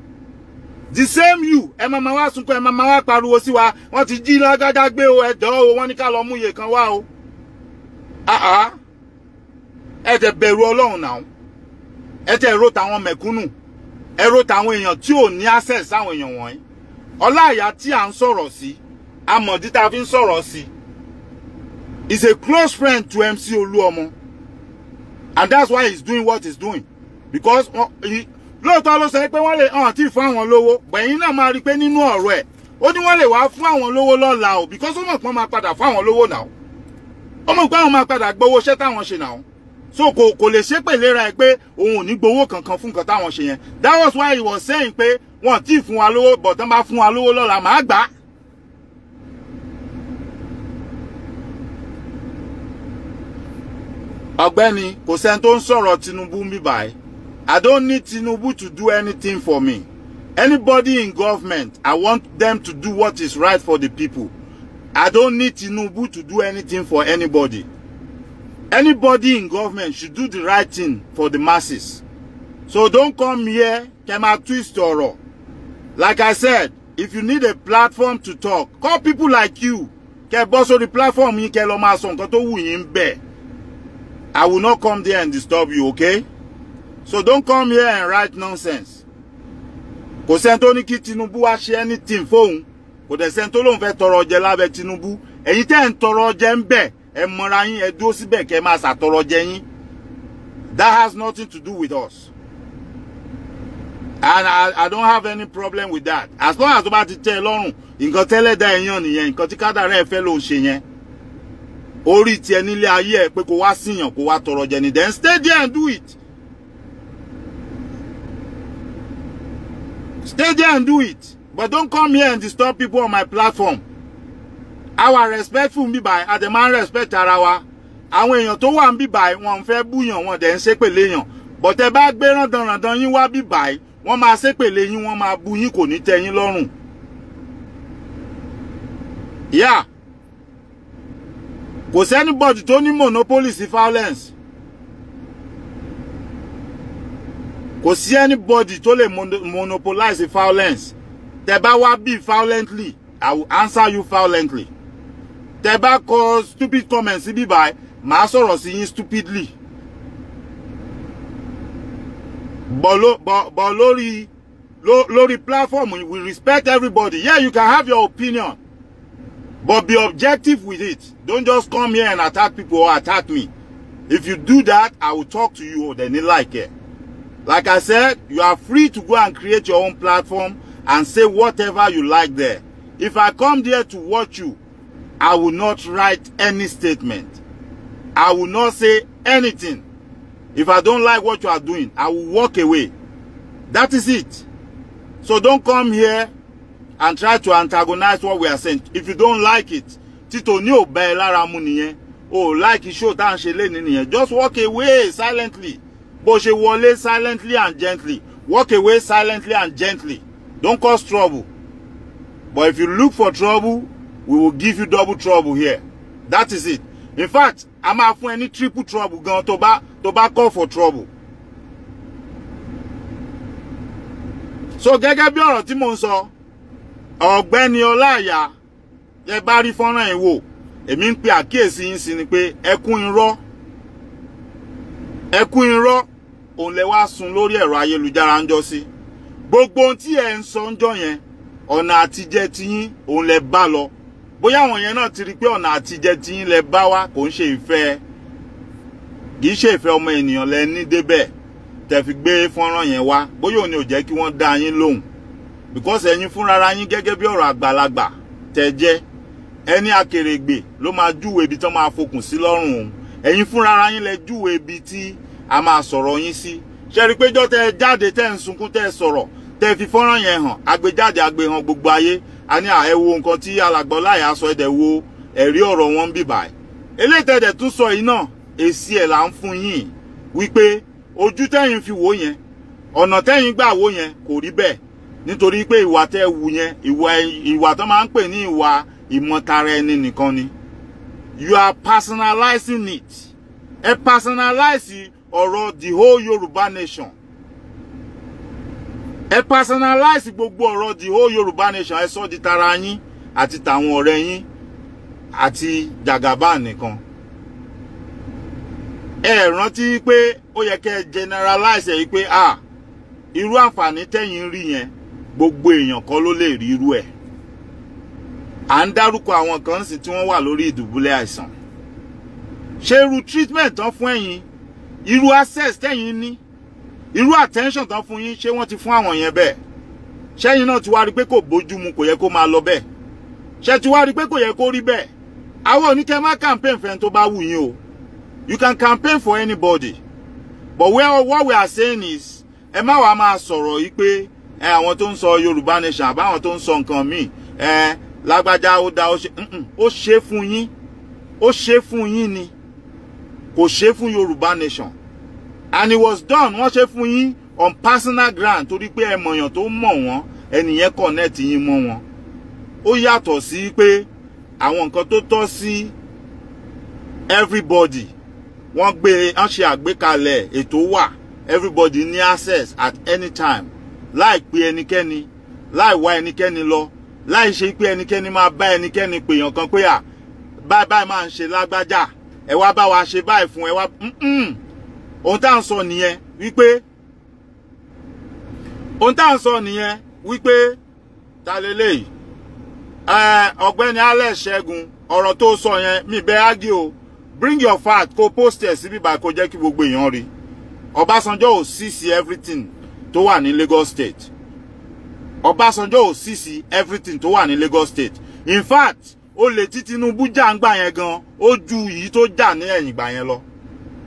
the same you ẹ máa máa wá sunkún ẹ máa máa wá pariwo sí wa wọ́n ti jí lágádá gbé o ẹ̀dọ́ o wọ́n ní ká lọ mú iye kan wá o ẹ tẹ bẹ̀rù ọlọ́run náà ẹ tẹ ro tàwọn mẹ̀kúnnù ẹ ro tàwọn èèyàn tí ò ní access sáwọn èèyàn wọ̀nyí ọláàyà tí à ń sọ̀rọ̀ sí amọ̀dí tá a fi ń sọ̀rọ̀ sí He's a close friend to MC Oluomo. And that's why he's doing what he's doing. Because uh, he, lóòótọ́ ló sọ pé wọ́n lè hàn tí fún àwọn lówó gbẹ̀yìn náà máa rí pé nínú ọ̀rọ̀ ẹ̀ ó ní wọ́n lè wá fún àwọn lówó lọ́la o because ó mọ̀ pé wọ́n máa padà fún àwọn lówó náà ó mọ̀ pé àwọn máa padà gbowó iṣẹ́ táwọn ṣe náà so kò kò lè ṣépè léra ẹ pé òun ò ní gbowó kankan fún nǹkan táwọn ṣe yẹn that was why he was saying pé wọ́n tí fún wa lówó but tán bá fún wa lówó lọ́la màá gbà á ọ̀gbẹ́ni kò sẹ́ni tó ń sọ̀rọ̀ Tinubu ń báyìí I don't need Tinubu to do anything for me anybody in government I want them to do what is right for the people I don't need Tinubu to do anything for anybody anybody in government should do the right thing for the masses so don't come here kema twist ọ̀rọ̀ like I said if you need a platform to talk call people like you kẹ́ bọ́ sórí platform yín kẹ́ lọ máa sọ nǹkan tó wù yín bẹ́ẹ̀. I will not come there and disturb you, okay? So don't come here and write nonsense. Kò sẹ́ni tó ní kí Tinubu wá ṣe anything fóun. Kò dẹ̀ sẹ́ni tó lóun fẹ́ tọrọ jẹ lábẹ́ Tinubu. Ẹ̀yin tẹ́ ń tọrọ jẹ ń bẹ̀ ẹ mọra yín ẹ dúró síbẹ̀ kẹ́ máa ṣàtọrọ jẹ yín. That has nothing to do with us. And I, I don't have any problem with that. As long as tó bá ti tẹ́ ẹ lọ́rùn, nǹkan tẹ́lẹ̀ dá ẹ̀yàn nìyẹn, nǹkan tí kádàrá ẹ fẹ́ ló ń ṣe yẹn orí tiẹ̀ nílé ayé ẹ̀ pé kó wá síyàn kó wá tọrọ jẹ ni then stay there and do it stay there and do it but don't come here and disturb people on my platform our respectful ń bí báyìí àdèmá respect ara wa àwọn èèyàn tó wà ń bí báyìí wọn ń fẹ́ búyàn wọn dẹ̀ ń ṣépèlé yàn bọ̀tẹ́ bá gbé rándanrandan yín wá bí báyìí wọ́n máa ṣépèlé yín wọ́n máa bú yín kò ní tẹ́ yín lọ́rùn. yeah kò sẹ́nibọ̀dì tó ní monopoly sí violence kò sí anybody tó lè monopolize violence tẹ́ bá wá bí violently i will answer you violently tẹ́ bá kọ stupid comments síbí báyìí màá sọ̀rọ̀ sí yín stupidly bọ̀ lórí lórí platform we respect everybody yeah you can have your opinion But be objective with it. Don't just come here and attack people or attack me. If you do that, I will talk to you or they need like it. Like I said, you are free to go and create your own platform and say whatever you like there. If I come there to watch you, I will not write any statement. I will not say anything. If I don't like what you are doing, I will walk away. That is it. So don't come here and try to antagonize what we are saying if you don't like it títò ní ò bá ẹ lára mu nìyẹn o like show tá à ń ṣe lénìí nìyẹn just walk away silently bó ṣe wọlé silently and gently walk away silently and gently don't cause trouble but if you look for trouble we will give you double trouble here that is it in fact a máa fún ẹ ní triple trouble gan tó bá tó bá call for trouble. so gẹ́gẹ́ bí ọ̀rọ̀ tí mò ń sọ. So, ọ̀gbẹ́ni ọláàyà ẹ bá rí fọ́nrán yẹn wò èmi ń pe àkíyèsí yín sí ni pé ẹkún irọ́ ẹkún irọ́ òun lẹ wá sun lórí ẹ̀rọ ayélujára ń jọ sí gbogbo ohun tí ẹ ń sọ ń jọ yẹn ọ̀nà àtijẹ tiyín òun lẹ bá lọ bóyá àwọn yẹn náà ti rí pé ọ̀nà àtijẹ tiyín lẹ bá wá kò ń ṣe ìfẹ́ kì í ṣe ìfẹ́ ọmọ ènìyàn lẹ ní débẹ̀ tẹ̀ fi gbé fọ́nrán yẹn wá bóyá òun ni ò jẹ́ kí wọ́n dá yín lóhùn because ẹ̀yin fúnra yín gẹ́gẹ́ bí ọ̀rọ̀ àgbàlagbà tẹ̀ jẹ́ ẹni akèrègbè ló máa júwe ibi tí wọ́n máa fokùn sí lọ́rùn òun ẹ̀yin yín ibi tí a máa sọ̀rọ̀ yín sí ṣe pé jọ́ tẹ jáde tẹ́ ń sunkún tẹ́ sọ̀rọ̀ fi yẹn hàn agbèjáde agbèhàn gbogbo ayé a ní ẹ wo nǹkan tí alàgbà ọláyà sọ ẹ̀dẹ̀ wo ẹ̀rí wọn ń eléyìí sọ yìí náà èsì là ń fún wípé ojú fi wò yẹn ọ̀nà gbà wò yẹn kò rí nítorí pé ìwà tẹ́ wù yẹn ìwà tó máa ń pè ní ìwà ìmọ̀tara ẹni nìkan ni you are personalizing it ẹ personalize ọ̀rọ̀ the whole Yorùbá nation ẹ personalize gbogbo ọ̀rọ̀ the whole Yorùbá nation ẹ sọ di tara yín àti tàwọn ọ̀rẹ́ yín àti Jagaban nìkan ẹ rántí pé ó yẹ kẹ́ generalize ẹ yìí pé ah irú àǹfààní tẹ́yìn rí yẹn gbogbo èèyàn kan ló lè rí irú à ń dárúkọ àwọn kan sì tí wọ́n wà lórí ìdùbúlẹ̀ àìsàn ṣé irú treatment tán fún ẹ̀yin irú access tẹ̀yin ní irú attention tán fún yín ṣé wọ́n ti fún àwọn yẹn bẹ́ẹ̀ ṣẹ́yin náà ti wá rí pé kò bójú mu kò yẹ kó máa lọ bẹ́ẹ̀ ṣe ti wá rí pé kò yẹ kó rí bẹ́ẹ̀ àwọn oníkẹ́ má campaign fẹ́ni tó bá wù yín o you can campaign for anybody but where, what we are saying is ẹ má wàá máa sọ̀rọ̀ yìí pé ẹ àwọn tó ń sọ Yorùbá nation àbáwọn tó ń sọ nǹkan míì ẹ lágbájá ó da ó ṣe ó ṣe fún yín ó ṣe fún yín ni kò ṣe fún Yorùbá nation and it was done wọ́n ṣe fún yín on personal ground torí pé ẹ mọ̀yàn tó mọ̀ wọ́n ẹnìyẹn connect yín mọ́ wọn ó yàtọ̀ sí pé àwọn nǹkan tó tọ́ sí everybody wọ́n gbé wọ́n ṣe àgbékalẹ̀ ètò wà everybody ní access at any time láì pe ẹnikẹ́ni láì wá ẹnikẹ́ni lọ láì ṣe pé ẹnikẹ́ni máa bá ẹnikẹ́ni pèèyàn kan pé à báyìí báyìí máa ń ṣe lágbájá ẹ wá bá wa ṣe báyìí fún ẹ wá ohun tá à ń sọ nìyẹn wípé ohun tá à ń sọ nìyẹn wípé ta leléyìí eh, ọ̀gbẹ́ni Alex Ṣẹ́gun ọ̀rọ̀ tó sọ yẹn mi bẹ́ ági o bring your fat kó post ẹ̀ síbí bá kó jẹ́ kí gbogbo èèyàn rí Ọbásanjọ́ ò sísì everything tó wà ní Lagos state Ọbásanjọ́ ò sísì everything tó wà ní Lagos state in fact ó lè tí Tinubu jà ń gbà yẹn gan ó ju èyí tó jà ní ẹ̀yìn gbà yẹn lọ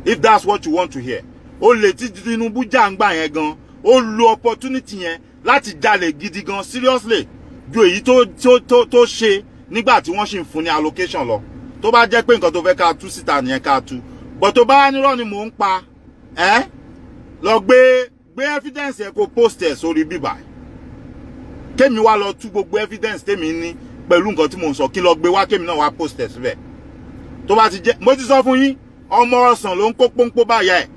if that's what you want to hear ó lè tí Tinubu jà ń gbà yẹn gan ó lo opportunity yẹn láti jalè gidi gan seriously ju èyí tó tó tó tó ṣe nígbà tí wọ́n sì ń fún ní allocation lọ tó bá jẹ́ pé nǹkan tó fẹ́ ká tú síta nìyẹn ká tú but tó bá wá nírọ́ ni mò ń pa ẹ́ lọ gbé gbé evidence ẹ kó post ẹ sórí bíbà kémi wá lọ tú gbogbo evidence tèmi ní pẹ̀lú nǹkan tí mo ń sọ kí lọ gbé wá kémi náà wá post ẹ síbẹ̀ tó bá ti jẹ́ mo ti sọ fún yín ọmọ ọsàn ló ń kó pọ́npọ́ báyà ẹ̀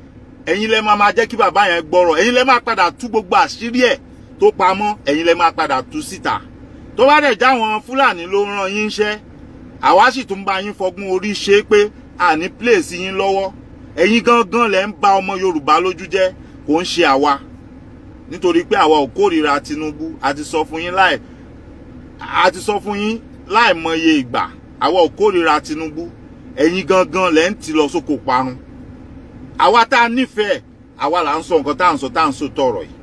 ẹ̀yin lẹ máa máa jẹ́ kí bàbá yẹn gbọ́rọ̀ ẹ̀yin lẹ máa padà tú gbogbo àṣírí ẹ̀ tó pamọ́ ẹ̀yin lẹ máa padà tú síta tó bá dẹ̀ já fúlàní ló rán yín ṣẹ́ àwa sì tún bá yín fọgbọ́n orí ṣe pé àní pléèsì yín lọ́wọ́ ẹ̀yin gangan lẹ ń ba ọmọ yorùbá lójú jẹ́ kò ń ṣe àwa nítorí pé àwa ò kórìíra Tinubu a ti sọ fún yín láì a ti sọ fún yín láì mọye ìgbà àwa ò kórìíra Tinubu ẹ̀yin gangan lẹ́ ń ti lọ sóko parun àwa tá a nífẹ̀ẹ́ àwa là ń sọ nǹkan tá à ń sọ tá à ń sọ tọrọ yìí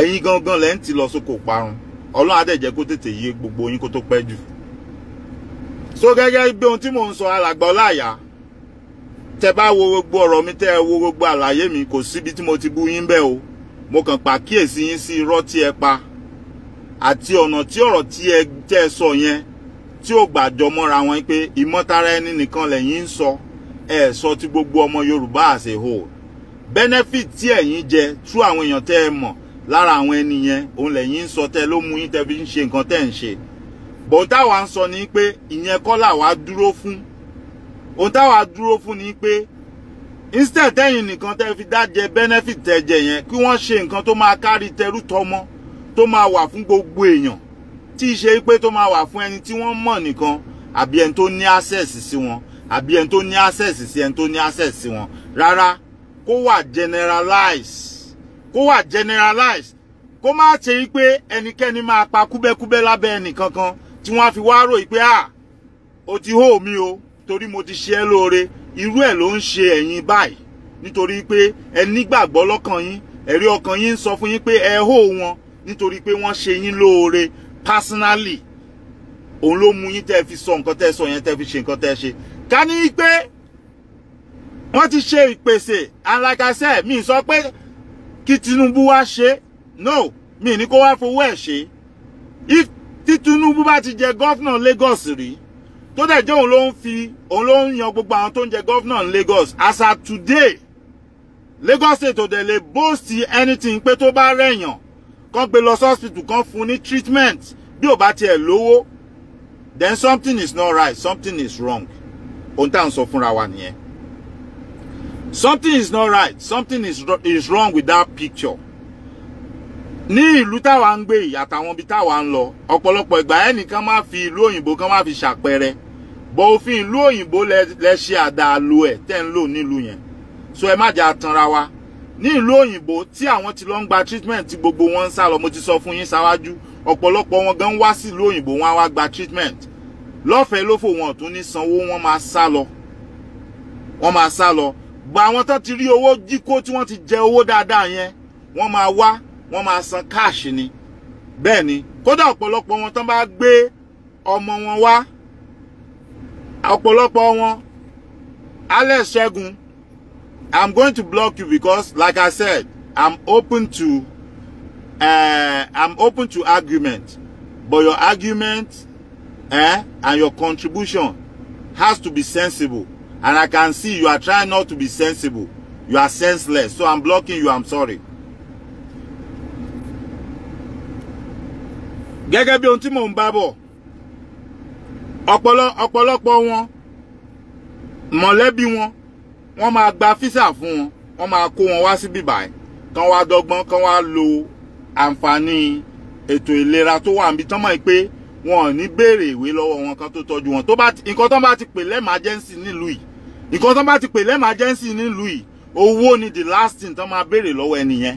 ẹ̀yin gangan lẹ́ ń ti lọ sóko parun ọlọ́run adẹ̀jẹ́ kó tètè yé gbogbo yín kó tó pẹ́ jù so gẹ́gẹ́ bí ohun tí mò ń sọ alàgbà ọláyà tẹ bá wo gbogbo ọ̀rọ̀ mi tẹ wo gbogbo àlàyé mi kò síbi tí mo ti bú yín bẹ́ẹ̀ o mo kàn pàkíyèsí yín sí irọ́ tí ẹ pa àti ọ̀nà tí ọ̀rọ̀ tí ẹ tẹ́ sọ yẹn tí ò gbàjọ mọ́ra wọn pé ìmọ̀tara ẹni nìkan lẹ́yìn ń sọ ẹ sọ ti gbogbo ọmọ Yorùbá as a benefit tí ẹ̀yin jẹ tú àwọn èèyàn tẹ́ ẹ mọ̀ lára àwọn ẹni yẹn òun lẹ́yìn ń sọ tẹ́ ló mú yín tẹ́ fi ń ṣe nǹkan tẹ́ ń ṣe bọ̀ǹtà wa ń sọ ni pé ìyẹn kọ́ làwa dúró fún ohun táwa dúró fún ni pé instead tẹ́yìn nìkan tẹ́ fi dájẹ benefit tẹ́jẹ yẹn kí wọ́n ṣe nǹkan tó máa kárí tẹrú tọmọ tó máa wà fún gbogbo èèyàn tí í ṣe pé tó máa wà fún ẹni tí wọ́n mọ̀ nìkan àbí ẹni tó ní access sí wọn àbí ẹni tó ní access sí ẹni tó ní access sí wọn rárá kó wà generalize kó wà generalize kó má ṣe pé ẹnikẹ́ni máa pa kúbẹ́kúbẹ́ lábẹ́ ẹnìkankan tí wọ́n á fi wá rò pé à ó ti hó mi o torí mo ti ṣe ẹ́ lóore irú ẹ̀ ló ń ṣe ẹ̀yin báyìí nítorí pé ẹ nígbàgbọ́ lọ́kàn yín ẹ̀rí ọkàn yín ń sọ fún yín pé ẹ hó wọn nítorí pé wọ́n ṣe yín lóore personally òun ló mú yín tẹ́ fi sọ nǹkan tẹ́ sọ yẹn tẹ́ fi ṣe nǹkan tẹ́ ṣe ká ní pé wọ́n ti ṣe ìpèsè and like I said mi sọ pé kí Tinubu wá ṣe no mi ní kó wá fowó ẹ̀ ṣe if tí Tinubu bá ti jẹ gọ́fúnà Lagos rí tó dẹ̀ jẹ́ òun ló ń fi òun ló ń yan gbogbo àwọn tó ń jẹ gọ́fúnà Lagos as at today Lagos state ò dẹ̀ lè boast anything pé tó bá rẹ̀yàn kan gbé lọ hospital kan fún ní treatment bí ò bá tiẹ̀ lówó then something is not right something is wrong ohun tá à ń sọ fúnra wa nìyẹn something is not right something is, is wrong with that picture ní ìlú táwa ń gbé yìí àtàwọn ibi táwa ń lọ ọ̀pọ̀lọpọ̀ ìgbà ẹnìkan máa fi ìlú òyìnbó kan máa fi ṣàpẹẹrẹ bọ̀ òfin ìlú òyìnbó lẹ ṣe àdàlù ẹ̀ tẹ́ ń lò nílùú yẹn so ẹ má jà tanra wa ní ìlú òyìnbó tí àwọn ti lọ ń gba treatment tí gbogbo wọn ń sá lọ mo ti sọ fún yín ṣáwájú ọ̀pọ̀lọpọ̀ wọn gan wá sí ìlú òyìnbó wọn á wá gba treatment lọ́fẹ̀ẹ́ lófò wọn tún ní sanwó wọn máa sá lọ wọn máa sá lọ gba àwọn tán ti rí owó jíkó tí wọ́n ti jẹ owó dáadáa yẹn wọ́n máa wá wọ́n máa san káàṣì ni bẹ́ẹ̀ ni kódà ọ̀pọ̀lọpọ̀ wọn tán bá gbé ọmọ wọn wá ọ̀pọ̀lọpọ̀ wọn Alex Segun I'm going to block you because like I said I'm open to uh, I'm open to argument but your argument eh, and your contribution has to be sensible and I can see you are trying not to be sensible you are senseless so I'm blocking you I'm sorry. gẹ́gẹ́ bí ohun tí mò ń bá bọ̀ ọ̀pọ̀lọpọ̀ wọn mọ̀lẹ́bí wọn wọ́n máa gba físà fún wọn wọ́n máa kó wọn wá sí bíbáyìí kán wá dọ́gbọ́n kán wá lo àǹfààní ètò ìlera tó wà níbi tán mọ̀ pé wọn ò ní béèrè ìwé lọ́wọ́ wọn kan tó tọ́jú wọn nǹkan tán bá ti pè lẹ́màjẹ́nsì nílùú yìí nǹkan tán bá ti pè lẹ́màjẹ́nsì nílùú yìí owó ni the last thing tán máa béèrè lọ́wọ́ ẹni yẹn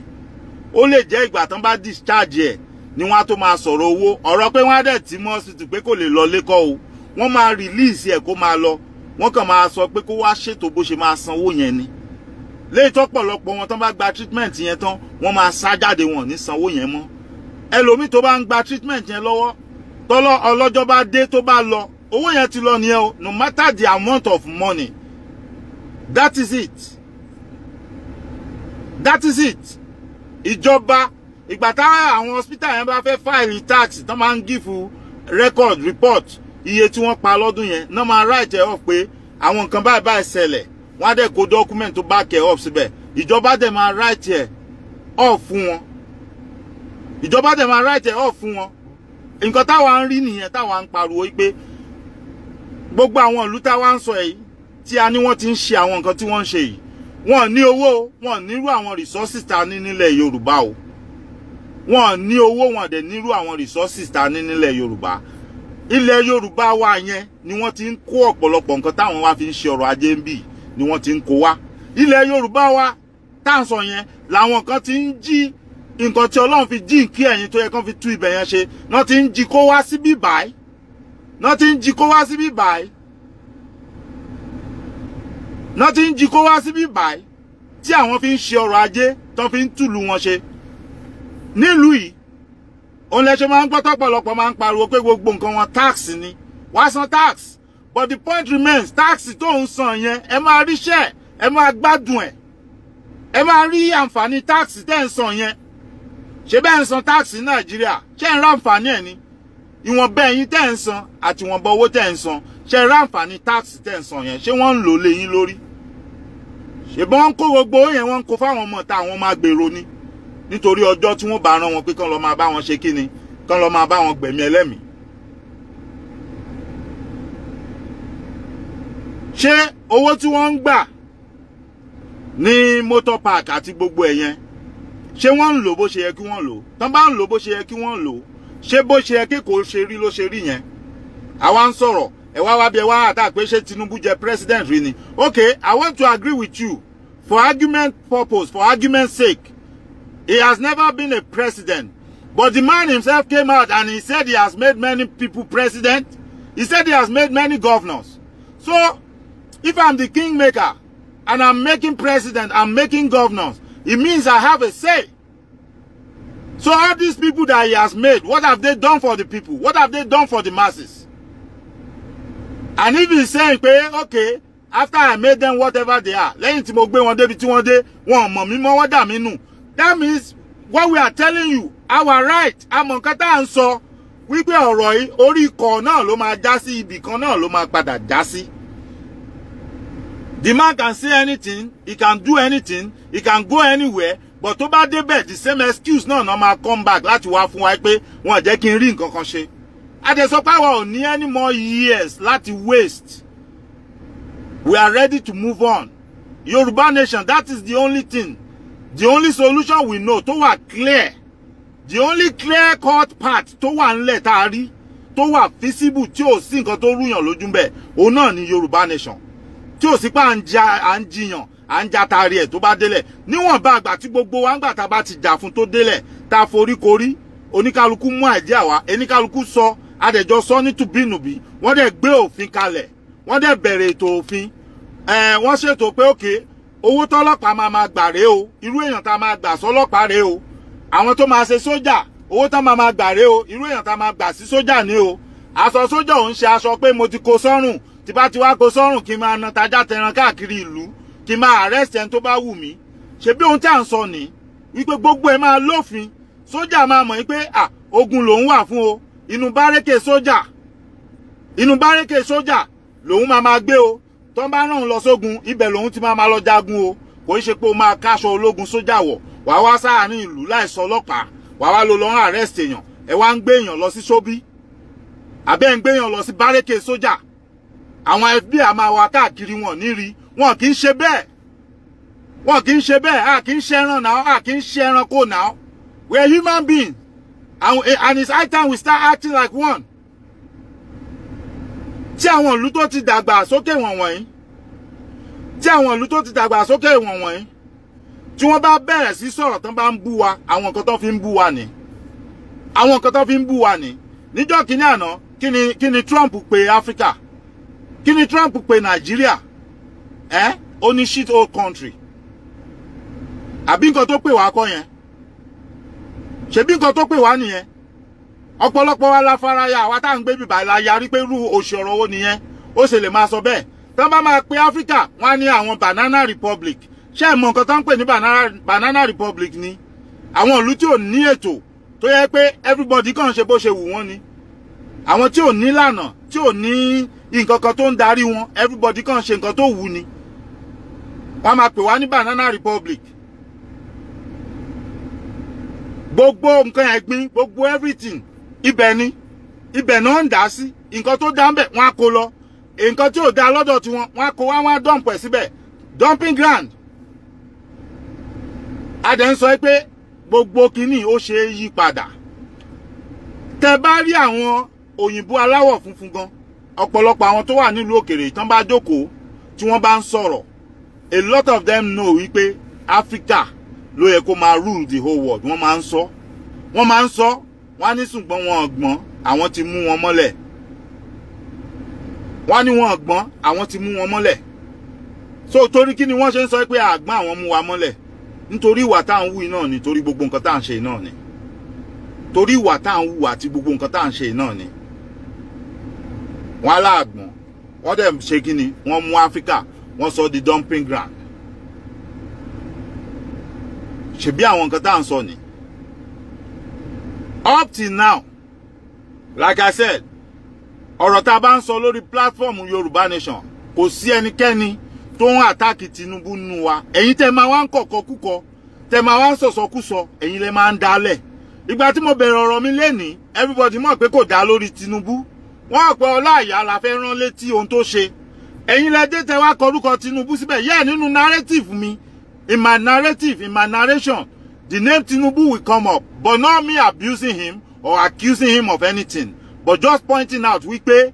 ó lè jẹ́ ìgbà tán bá discharge ẹ̀ ni wọ́n á tó máa sọ̀rọ̀ owó ọ̀rọ̀ pé wọ́n á dẹ̀ tí mọ́ ti pé kò lè lọ lẹ́kọ̀ọ́ o wọ́n máa release ẹ̀ kó máa lọ wọ́n kàn máa sọ pé kó wá ṣètò bó ṣe máa sanwó yẹn ni léyìí tọ́pọ̀lọpọ̀ wọn tán bá gba treatment yẹn tán wọ́n máa sá jáde wọn ní sanwó yẹn mọ́ ẹlòmíì tó bá ń gba treatment yẹn lọ́wọ́ tọ́lọ́ ọlọ́jọ́ bá dé tó bá lọ owó yẹn ti lọ nìyẹn o no matter the amount of money that is it that is it ìjọba ìgbà táwọn àwọn hospital yẹn bá fẹ́ file tax tán máa ń gífù record report iye tí wọ́n pa lọ́dún yẹn náà máa write ẹ̀ off pé àwọn nǹkan báyìí báyìí ṣẹlẹ̀ wọ́n á dẹ̀ kó document tó back ẹ̀ off síbẹ̀ ìjọba dẹ̀ máa write ẹ̀ off fún wọn ìjọba dẹ̀ máa write ẹ̀ off fún wọn nǹkan táwa ń rí nìyẹn táwa ń pariwo pé gbogbo àwọn ìlú táwa ń sọ yìí tí a ní wọ́n ti ń ṣe àwọn nǹkan tí wọ́n ń ṣe yìí wọ́n ní owó wọ́n nírú àwọn resources ta ní nílẹ̀ Yorùbá o wọ́n ní owó wọ́n dẹ̀ nírú àwọn resources ta ní nílẹ̀ Yorùbá ilẹ̀ yorùbá wa yẹn ni wọ́n ti ń kó ọ̀pọ̀lọpọ̀ nǹkan táwọn wa fi ń ṣe ọrọ̀ ajé ń bì ni wọ́n ti ń kó wa ilẹ̀ yorùbá wa táǹsọ yẹn làwọn kan ti ń jí nǹkan tí ọlọ́run fi jí nkí ẹ̀yìn tó yẹ kán fi tú ibẹ̀ yẹn ṣe náà ti ń jí kó wá síbí báyìí náà ti ń jí kó wá síbí báyìí náà ti ń jí kó wá síbí báyìí tí àwọn fi ń ṣe ọrọ̀ ajé tán fi ń túlù wọn ṣe nílùú yìí òun lẹ ṣe máa ń gbọ́ tọ́pọ̀lọpọ̀ máa ń pariwo pé gbogbo nǹkan wọn tax ni wàá san tax but the point remains tax tó ń san yẹn ẹ máa ríṣẹ́ ẹ máa gbádùn ẹ̀ ẹ máa rí àǹfààní tax tẹ́ ń san yẹn ṣé bẹ́ẹ̀ ń san tax ní nàìjíríà ṣé ń ra àǹfààní ẹ̀ ni ìwọ̀n bẹ́ẹ̀ yín tẹ́ ń san àti ìwọ̀n bọ owó tẹ́ ń san ṣé ń ra àǹfààní tax tẹ́ ń san yẹn ṣé wọ́n ń lò lé yín lórí ṣùgbọ́n wọ́n ń kó gbogbo yẹn wọ́n ń kó fáwọn ọmọ ta àwọn ọmọ agbèrò ni nítorí ọjọ́ tí wọ́n bá rán wọn pé kán lọ máa bá wọn ṣe kí ni kán lọ máa bá wọn gbẹ̀mí ẹlẹ́mìí. ṣé owó tí wọ́n ń gbà ní motor park àti gbogbo ẹ̀ yẹn ṣé wọ́n ń lò bó ṣe yẹ kí wọ́n lò tán bá ń lò bó ṣe yẹ kí wọ́n lò ṣé bó ṣe yẹ kí kò ṣe rí ló ṣe rí yẹn àwa ń sọ̀rọ̀ ẹ wá wá bí ẹ wá àtà pé ṣé Tinubu jẹ president rí ni okay I want to agree with you for argument purpose for argument sake He has never been a president. But the man himself came out and he said he has made many people president. He said he has made many governors. So, if I'm the kingmaker and I'm making president, I'm making governors, it means I have a say. So all these people that he has made, what have they done for the people? What have they done for the masses? And if he's saying, okay, after I made them whatever they are, lẹ́yìn tí mo gbé one day, one day, one wọn one day, mí mọ́, wọ́n dà mí nù that means what we are telling you our right àmọ́ nǹkan tá à ń sọ wípé ọ̀rọ̀ yìí orí ikọ̀ náà ló máa já sí ibì kan náà ló máa padà já sí. the man can say anything he can do anything he can go anywhere but tó bá débẹ̀ the same excuse náà náà máa come back láti wá fún wa pé wọn ò jẹ́ kí n rí nǹkan kan ṣe. àdẹ̀sọ́pá wa ò ní any more years láti waste we are ready to move on Yorùbá nation that is the only thing the only solution we know to wà clear the only clear cut path, to wà ńlẹ̀ tá a rí tó feasible tí ò sí nǹkan tó rúyàn lójú ń bẹ̀ òun ni Yorùbá nation tí ò sí pé anja ń jiyàn à ń jatari ẹ̀ ba bá délẹ̀ níwọ̀nba àgbà tí gbogbo wa ń gbà tá a bá ti jà fún tó délẹ̀ tá a foríkorí oníkálukú mú àìdíà wá oníkálukú sọ adẹ̀jọ sọ ní tùbínùbí wọ́n dẹ̀ gbé òfin kalẹ̀ wọ́n dẹ̀ bẹ̀rẹ̀ ètò òfin wọ́n ṣètò pé òkè owó tọ́lọ́pàá máa máa gbà rèé o irú èèyàn tá a máa gbà sọ́lọ́pàá rèé o àwọn tó máa ṣe sójà owó tá a máa gbà rèé o irú èèyàn tá a máa gbà sí sójà ni o aṣọ sójà ò ń ṣe aṣọ pé mo ti kó sọ́rùn tí bá ti wá kó sọ́rùn kí n máa na tajá tẹran káàkiri ìlú kí n máa arrest ẹni tó bá wù mí ṣebí ohun tí à ń sọ ni wípé gbogbo ẹ máa lófin sójà máa mọ̀ wípé ogun lòun wà fún o inú bárẹ́kẹ̀ sójà inú bárẹ́kẹ̀ sójà lòun máa máa gbé o tó ń bá ràn lọ sógun ibẹ̀ lòun ti máa máa lọ jagun o kò í ṣe pé o máa káṣọ ológun sójà wọ̀ wà wá sáàárín ìlú láìsọ ọlọ́pàá wà wá lọ lọ́rùn arrest èèyàn ẹ wá ń gbé èèyàn lọ sí sóbí àbẹ́ ń gbé èèyàn lọ sí bárẹ́kè sójà àwọn fbi a máa wá káàkiri wọn níri wọn kì í ṣe bẹ́ẹ̀ wọn kì í ṣe bẹ́ẹ̀ a kì í ṣe ẹran náà a kì í ṣe ẹranko náà we are human beings and, and it's high time we start acting like one tí àwọn ìlú tó ti dàgbà sókè wọ̀nwọ̀nyí tí àwọn ìlú tó ti dàgbà sókè wọ̀nwọ̀nyí tí wọ́n bá bẹ̀rẹ̀ sí sọ̀rọ̀ tán bá ń bú wa àwọn nǹkan tó fi ń bú wa ni àwọn nǹkan tó fi ń bú wa ni níjọ́ kínní àná kí ni Trump pe Africa kí Trump pe Nàìjíríà ẹ ó ní shit old country àbí nǹkan tó pè wá kọ́ yẹn ṣebí nǹkan tó pè wá nìyẹn ọ̀pọ̀lọpọ̀ wa la faraya àwa tá à ń gbé bìbà la yarí pé irú òṣì ọ̀rọ̀ wo nìyẹn ó ṣe lè máa sọ bẹ́ẹ̀ tí wọ́n bá máa pe Áfíríkà wọ́n á ní àwọn banana republic ṣé ẹ̀ mọ nǹkan tó ń pè ní banana republic ni àwọn ìlú tí ò ní ètò tó yẹ pé everybody kàn ṣe bó ṣe wù wọ́n ni àwọn tí ò ní lànà tí ò ní nǹkan kan tó ń darí wọn everybody kàn ṣe nǹkan tó wù ni wọ́n máa pè wá ní banana republic gbogbo nǹkan ẹ̀gbin gbogbo everything ibẹ̀ ni ibẹ̀ náà ń dá sí nǹkan tó dá ń bẹ̀ wọ́n á kó lọ nǹkan tí ò dá lọ́dọ̀ tiwọn wọ́n á kó wá wọ́n á dump ẹ̀ síbẹ̀ dumping ground a dẹ̀ ń sọ pé gbogbo kínní ó ṣe é yí padà tẹ bá rí àwọn òyìnbó aláwọ̀ funfun gan ọ̀pọ̀lọpọ̀ àwọn tó wà nílùú òkèrè tán bá jókòó tí wọ́n bá ń sọ̀rọ̀ a lot of them know wípé Africa ló yẹ kó máa rule the whole world wọ́n máa ń sọ wọ́n máa ń sọ wọ́n á ní ṣùgbọ́n wọn ọ̀gbọ́n àwọn ti mú wọn mọ́lẹ̀ wọ́n á ní wọn ọ̀gbọ́n àwọn ti mú wọn mọ́lẹ̀ so torí kí ni wọ́n ṣe ń sọ pé àgbọ́n àwọn mú wa mọ́lẹ̀ nítorí ìwà tá à ń wù náà ni torí gbogbo nǹkan tá à ń ṣe náà ni torí ìwà tá à ń wù àti gbogbo nǹkan tá à ń ṣe náà ni wọ́n aláàgbọ̀n wọ́n dẹ̀ ṣe kí ni wọ́n mú áfíríkà wọ́n sọ di dumping ground ṣebí àwọn nǹkan tá à ń sọ nìyí up till now like i said ọ̀rọ̀ tá a bá ń sọ lórí platform yorùbá nation kò sí ẹnikẹ́ni tó ń àtáàkì tinubu nù wa ẹ̀yin tẹ́ máa wá ń kọ̀kọ́ kúkọ tẹ́ máa wá ń sọ̀sọ́kúsọ ẹ̀yin lẹ máa ń dalẹ̀ ìgbà tí mo bẹ̀rẹ̀ ọ̀rọ̀ mi lénìí everybody mọ̀ pé kò dá lórí tinubu wọ́n àpẹ ọláìyá la fẹ́ rán létí ohun tó ṣe ẹ̀yin lẹ dé tẹ́ wá kọrúkọ tinubu síbẹ̀ yẹ́ nínú narrative mi in my narrative in my narration the name Tinubu will come up but not me abusing him or accusing him of anything but just pointing out We wípé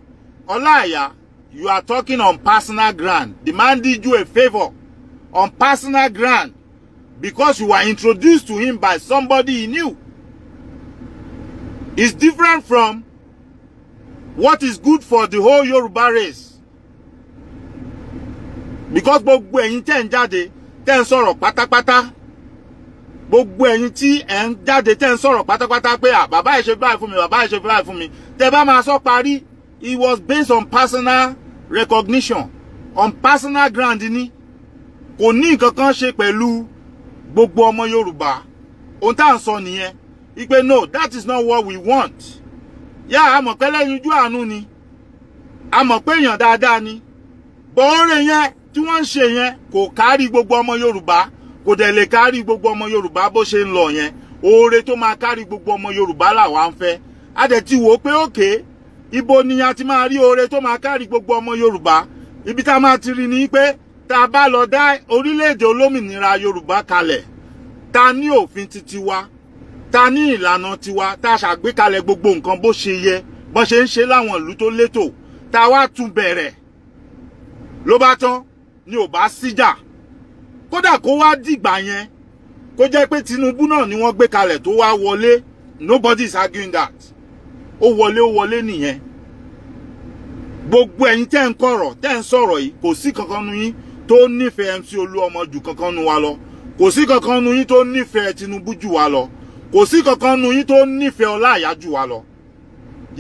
Ọláìyá you are talking on personal ground the man did you a favor on personal ground because you were introduced to him by somebody he knew It's different from what is good for the whole Yoruba race because gbogbo ẹ̀yin tẹ́ ń jáde tẹ́ pata sọ̀rọ̀ gbogbo ẹ̀yin tí ẹ ń jáde tẹ́ ń sọ̀rọ̀ pátápátá pé à ah, bàbá ẹ ṣe báyìí fún mi bàbá ẹ ṣe báyìí fún mi tẹ́ bá máa sọ parí it was based on personal recognition on personal ground ni kò ní nǹkan kan ṣe pẹ̀lú gbogbo ọmọ Yorùbá ohun tá à ń sọ nìyẹn ipe no that is not what we want yá àmọ̀ pé lẹ́yinjú àánú ni àmọ̀ pé èèyàn dáadáa ni bọ́ọ̀rẹ̀ yẹn tí wọ́n ń ṣe yẹn kò kárí gbogbo ọmọ Yorùbá kò dẹ̀ lè kárí gbogbo ọmọ yorùbá bó ṣe ń lọ yẹn oore tó máa kárí gbogbo ọmọ yorùbá làwa ń fẹ́ a dẹ̀ ti wò ó pé òkè ibo ni a ti máa rí oore tó máa kárí gbogbo ọmọ yorùbá ibi tá a máa ti rí ni pé tá a bá lọ dá orílẹ̀-èdè olómìnira yorùbá kalẹ̀ ta ní òfin titi wa ta ní ìlànà tiwa ta ṣàgbékalẹ̀ gbogbo nǹkan bó ṣe yẹ bó ṣe ń ṣe láwọn ìlú tó létò ta wá tún bẹ̀rẹ̀ ló bá tán ni ò bá síjà kódà kó wá dìgbà yẹn kó jẹ́ pé Tinubu náà ni wọ́n gbé kalẹ̀ tó wá wọlé nobody is arguing that ó wọlé ó wọlé nìyẹn gbogbo ẹ̀yin tẹ́ ń kọ̀rọ̀ tẹ́ ń sọ̀rọ̀ yìí kò sí kankan nu yín tó nífẹ̀ẹ́ MC Olúọmọ jù kankan nu wa lọ kò sí kankan nu yín tó nífẹ̀ẹ́ Tinubu jù wa lọ kò sí kankan nu yín tó nífẹ̀ẹ́ Ọláìyá jù wa lọ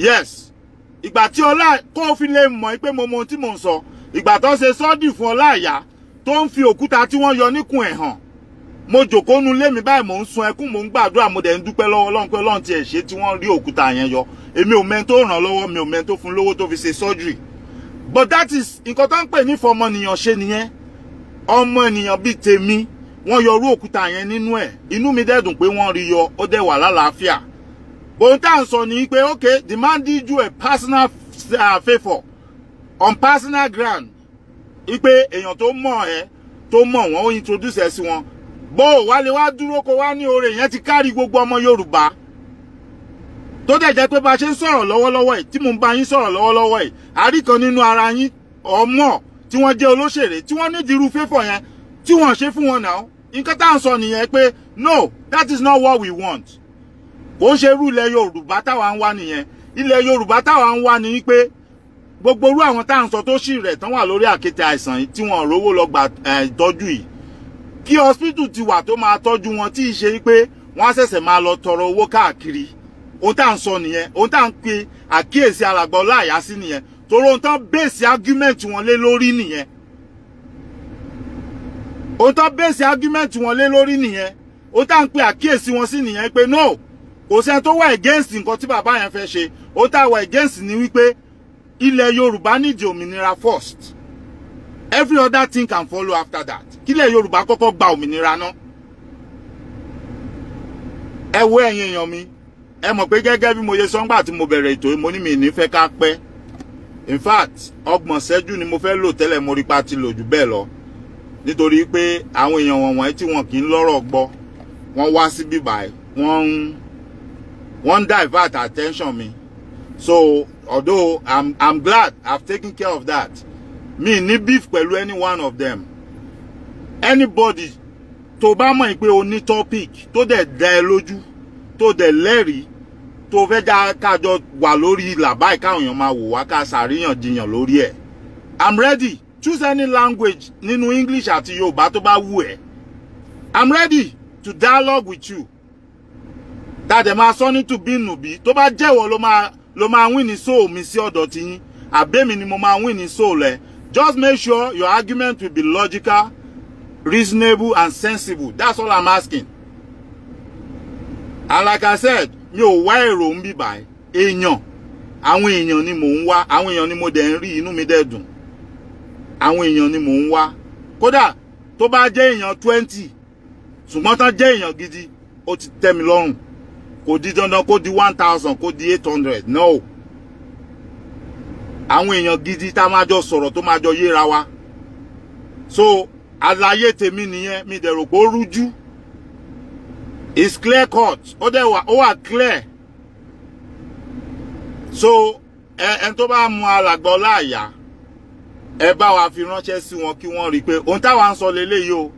yes ìgbà tí ọlá kó fi lè mọ̀ pé mo mọ ohun tí mò ń sọ ìgbà tó ṣe sọ́ọ̀dì fún Ọláìyá tó ń fi òkúta tí wọ́n yọ níkùn ẹ̀ hàn mo jòkó nu lé báyìí mò ń sun ẹkún mò ń gbàdúrà mo dẹ̀ ń dúpẹ́ lọ́wọ́ ọlọ́run pé ọlọ́run ti ẹ̀ ṣe tí wọ́n rí òkúta yẹn yọ èmi ò mẹ́ni tó ràn lọ́wọ́ mi ò mẹ́ni tó fún lówó tó fi ṣe surgery but that is nǹkan tó ń pè ní fọmọnìyàn ṣe nìyẹn ọmọ ènìyàn bíi tèmi wọ́n yọ orú òkúta yẹn nínú ẹ̀ inú mi dẹ̀ dùn pé wọ́n rí yọ ó dẹ̀ wà lálàáfíà ohun tá à ń sọ ni pé okay the man did you a personal uh, favour on personal ground wípé èèyàn tó mọ̀ ẹ́ tó mọ̀ wọ́n ó introduce ẹ sí wọn bó o wá lè wá dúró kó wá ní oore yẹn ti kárí gbogbo ọmọ Yorùbá tó dẹ̀ pé bá a ṣe ń sọ̀rọ̀ lọ́wọ́lọ́wọ́ yìí tí mò ń bá yín sọ̀rọ̀ lọ́wọ́lọ́wọ́ yìí àríkan nínú ara yín ọmọ tí wọ́n jẹ́ olóṣèré tí wọ́n nídìí irú fẹ́fọ̀ yẹn tí wọ́n ṣe fún wọn náà nǹkan tá à ń sọ nìyẹn pé no that is not what we want kò ń ṣe irú ilẹ̀ Yorùbá táwa ń wá nìyẹn ilẹ̀ Yorùbá táwa ń wá ni pé gbogbo irú àwọn tá à ń sọ tó ṣì rẹ̀ tán wà lórí àkéte àìsàn tí wọ́n rówó lọ gba ìtọ́jú yìí kí hospital ti wà tó máa tọ́jú wọn tí ì ṣe pé wọ́n á ṣẹ̀ṣẹ̀ máa lọ tọrọ owó káàkiri ohun tá à ń sọ nìyẹn ohun tá à ń pe àkíyèsí alàgbà ọláàyá sí nìyẹn torí ohun tán bèèsì argument wọn lé lórí nìyẹn ohun tán bèèsì argument wọn lé lórí nìyẹn ohun tá à ń pe àkíyèsí wọn sí nìyẹn pé no kò sẹ́ni tó wà against nǹkan tí bàbá yẹn fẹ́ ṣe ohun tá à wà against ni wípé ilẹ̀ Yorùbá need òmìnira first every other thing can follow after that kílẹ̀ Yorùbá kọ́kọ́ gba òmìnira náà ẹ wo ẹ̀yin èèyàn mi ẹ mọ̀ pé gẹ́gẹ́ bí mo ṣe sọ ńgbà tí mo bẹ̀rẹ̀ ètò mo ní mi ní fẹ́ ká pẹ́ in fact ọgbọ̀n ṣẹ́jú ni mo fẹ́ lò tẹ́lẹ̀ mo rí pa ti lò jù bẹ́ẹ̀ lọ nítorí pé àwọn èèyàn wọ̀nyí tí wọn kì í lọ́rọ̀ gbọ́ wọ́n wá sí bíbá wọ́n ń wọ́n ń divert attention mi so although i'm i'm glad i've taken care of that Me ni beef pẹ̀lú any one of them anybody tó bá mọ̀ pé o ní topic to dẹ̀ dá ẹ lójú tó dẹ̀ lẹ́rìí tó fẹ́ já kájọ wà lórí ìlà báyìí káwọn èèyàn máa wò wá ká ṣàríyànjiyàn lórí ẹ̀ i'm ready choose any language nínú english ati yorùbá tó bá wù ẹ́ i'm ready to dialogue with you That dàdẹ̀ máa sọ ní tùbínùbí tó bá jẹ́wọ́ ló máa ló máa win ní soul mi sí ọ̀dọ̀ ti yín àbẹ́mi ni mo máa win ní soul ẹ̀ just make sure your argument will be logical reasonable and sensible that's all i'm asking and like i said mi ò wá èrò ń bíbà èèyàn àwọn èèyàn ni mò ń wá àwọn èèyàn ni mo dẹ̀ ń rí inú mi dẹ̀ dùn àwọn èèyàn ni mò ń wá kódà tó bá jẹ́ èèyàn twenty ṣùgbọ́n tán jẹ́ èèyàn gidi ó ti tẹ́ mi lọ́rùn kò di dandan kó di one thousand kó di eight hundred no àwọn èèyàn gidi tá a máa jọ sọ̀rọ̀ tó máa jọ yéra wa so àlàyé tèmi nìyẹn mi dẹ̀ rò pé ó rújú is clear cut ó dẹ̀ wà ó wà clear so ẹ ẹ tó bá mu alàgbà ọláàyà ẹ bá wa fi ránṣẹ́ sí wọn kí wọ́n rí i pé ohun táwa ń sọ lélẹ́yìí o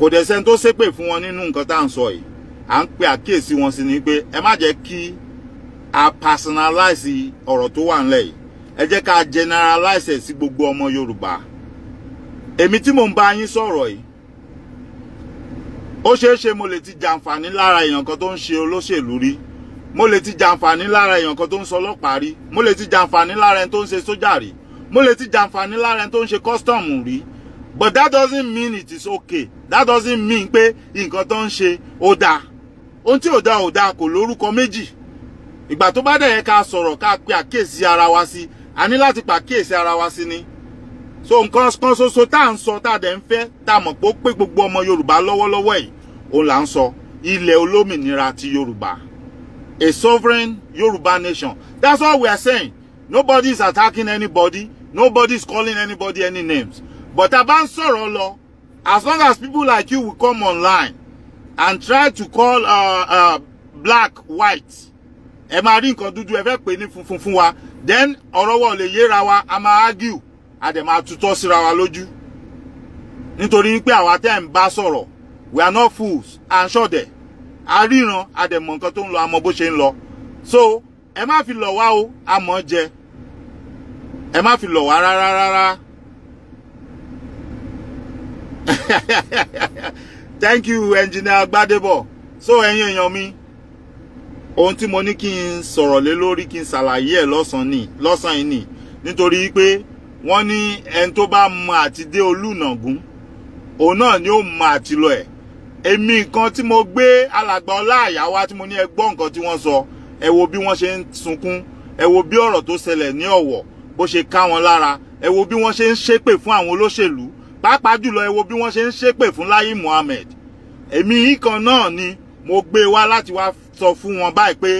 kò dẹ̀ sẹ́ni tó ṣépè fún wọn nínú nǹkan tá à ń sọ yìí à ń pe àkíyèsí wọn sí ni pé ẹ má jẹ́ kí a personalize ọ̀rọ̀ tó wà ńlẹ̀ yìí ẹ jẹ́ ká generalize ẹ̀ sí gbogbo ọmọ Yorùbá èmi tí mò ń bá yín sọ̀rọ̀ yìí ó ṣeé ṣe mo lè ti jàǹfààní lára èèyàn kan tó ń ṣe olóṣèlú rí mo lè ti jàǹfààní lára èèyàn kan tó ń sọ ọlọ́pàá rí mo lè ti jàǹfààní lára ẹni tó ń ṣe sójà rí mo lè ti jàǹfààní lára ẹni tó ń ṣe kọ́sítọ̀mù rí but that doesn't mean it is okay that doesn't mean pé nǹkan tó ń ṣe ó dáa ohun tí ò dáa ò dáa kò lórúkọ méjì ìgbà tó bá dẹ̀ yẹ ká sọ̀rọ̀ ká pe àkíyèsí ara wa sí a ní láti pa àkíyèsí ara wa sí ni so nǹkan kan ṣoṣo tá à ń sọ tá a dẹ̀ ń fẹ́ tá a mọ̀ pé ó pé gbogbo ọmọ Yorùbá lọ́wọ́lọ́wọ́ yìí òun là ń sọ ilẹ̀ olómìnira ti Yorùbá a sovereign Yorùbá nation that's all we are saying nobody is attacking anybody nobody is calling anybody any names but a bá ń sọ̀rọ̀ lọ as long as people like you will come online and try to call uh, uh, black white ẹ máa rí nǹkan dúdú ẹ fẹ́ pè ní funfun fún wa then ọ̀rọ̀ wọ̀ lè yéra wa a máa argue a dẹ̀ máa tutọ́ síra wa lójú nítorí pé àwa tẹ́ ń bá sọ̀rọ̀ we are not fools à ń ṣọ̀dẹ̀ a ríran a dẹ̀ mọ̀ nǹkan tó ń lọ a bó ṣe ń lọ so ẹ má fi lọ̀ wá o a mọ̀ jẹ ẹ má fi lọ̀ wá rárá rárá. <laughs> thank you engineer Gbadebo so ẹ̀yin èèyàn mi ohun tí mo ní kí n sọ̀rọ̀ lé lórí kí n ṣàlàyé ẹ̀ lọ́sàn-án ni lọ́sàn-án yìí ni nítorí pé wọ́n ní ẹni tó bá mọ àti dé olùnàgún òun náà ni ó mọ àti lọ ẹ̀ èmi nǹkan tí mo gbé alàgbà ọláàyà wá tí mo ní ẹ gbọ́ nǹkan tí wọ́n sọ ẹ wo bí wọ́n ṣe ń sunkún ẹ wo bí ọ̀rọ̀ tó ṣẹlẹ̀ ní ọ̀wọ̀ bó ṣe ká wọn lára ẹ wo bí wọ́n ṣe ń ṣépè fún àwọn olóṣèlú pàápàá jùlọ ẹ wo bí wọ́n ṣe ń ṣépè fún Láyí Muhammed èmi yìí kan náà ni mo gbé wá láti wá sọ fún wọn báyìí pé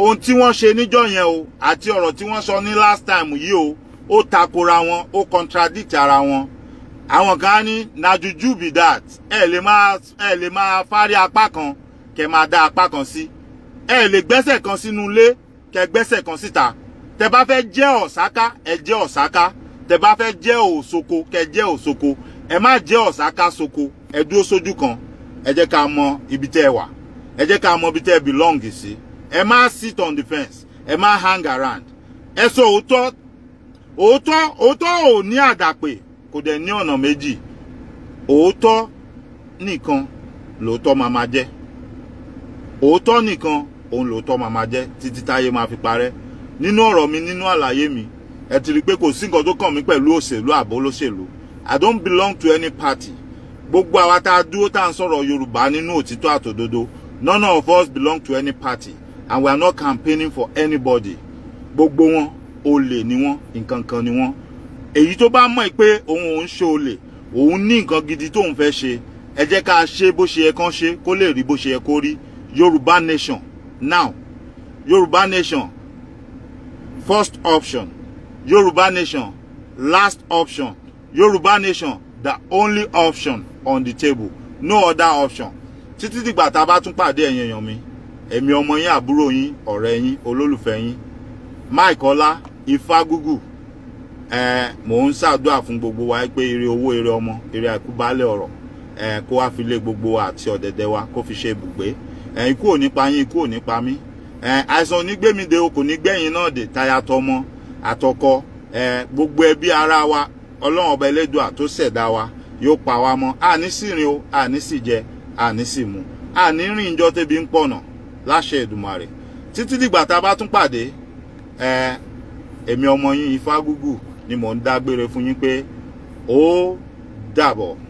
ohun tí wọ́n ṣe níjọ́ yẹn o àti ọ̀rọ̀ tí wọ́n sọ ní last time yìí o ó takora wọn ó contradict ara wọn àwọn kan á ní na juju be that ẹ lè máa ẹ lè máa fárí apá kan kẹ máa dá apá kan sí ẹ lè gbẹ́sẹ̀ kan sínú ilé kẹ gbẹ́sẹ̀ kan síta tẹ bá fẹ́ jẹ́ ọ̀sáká ẹ jẹ́ ọ̀sáká tẹ bá fẹ́ jẹ́ òsoko kẹ jẹ́ òsoko ẹ má jẹ́ ọ̀sáká soko ẹ dúró sójú kan ẹ jẹ́ ká mọ ibi tẹ́ ẹ wà ẹ jẹ́ ká mọ ibi tẹ́ ẹ belong sí ẹ má sit on the fence ẹ má hang around ẹ sọ òótọ́ òótọ́ òótọ́ ò ní àdàpè kò dẹ̀ ní ọ̀nà méjì òótọ́ nìkan lòótọ́ máa ma jẹ́ òótọ́ nìkan òun lòótọ́ máa ma jẹ́ títí táyé máa fi parẹ́ nínú ọ̀rọ̀ mi nínú àlàyé mi ẹ ti rí i pé kò sí nǹkan tó kàn mí pẹ̀lú òṣèlú àbólóṣèlú I don't belong to any party gbogbo àwa tá a dúró tá à ń sọ̀rọ̀ Yorùbá nínú òtítọ́ àtòdodo none of us belong to any party and we are not campaigning for anybody gbogbo wọn olè ni wọn nǹkan kan ni wọn èyí tó bá mọ̀ pé òun òun ṣe olè òun ní nǹkan gidi tóun fẹ́ ṣe ẹ jẹ́ ká ṣe bó ṣe yẹ kán ṣe kó lè rí bó ṣe yẹ kó rí Yorùbá nation now Yorùbá nation first option Yorùbá nation last option Yorùbá nation the only option on the table no other option títí dìgbà tá a bá tún pàdé ẹ̀yin èèyàn mi èmi ọmọ yín àbúrò yín ọ̀rẹ́ yín olólùfẹ́ yín Mike Ọlá Ifágúgù ẹ mò ń ṣàdúrà fún gbogbo wa pé ire owó ire ọmọ ire àkúbálẹ̀ ọ̀rọ̀ ẹ kó wá fi lé gbogbo wa àti ọ̀dẹ̀dẹ̀ wa kó fi ṣe ibùgbé ẹ ikú ò ní pa yín ikú ò ní pa mí ẹ àìsàn onígbèmíde o kò ní gbẹ̀yìn náà dé táyà àtọkọ ẹ gbogbo ẹbí ara wa ọlọ́run ọba elédùà tó ṣẹ̀dá wa yóò pa wá mọ́ àní sì rìn o àní sì jẹ àní sì mu àní rìn ìjọ tẹ́bi ń pọ̀nà láṣẹ Èdùmàrè títí dìgbà tá a bá tún pàdé èmi ọmọ yín Ifágúgù ni mò ń dágbére fún yín pé ó dàbọ̀.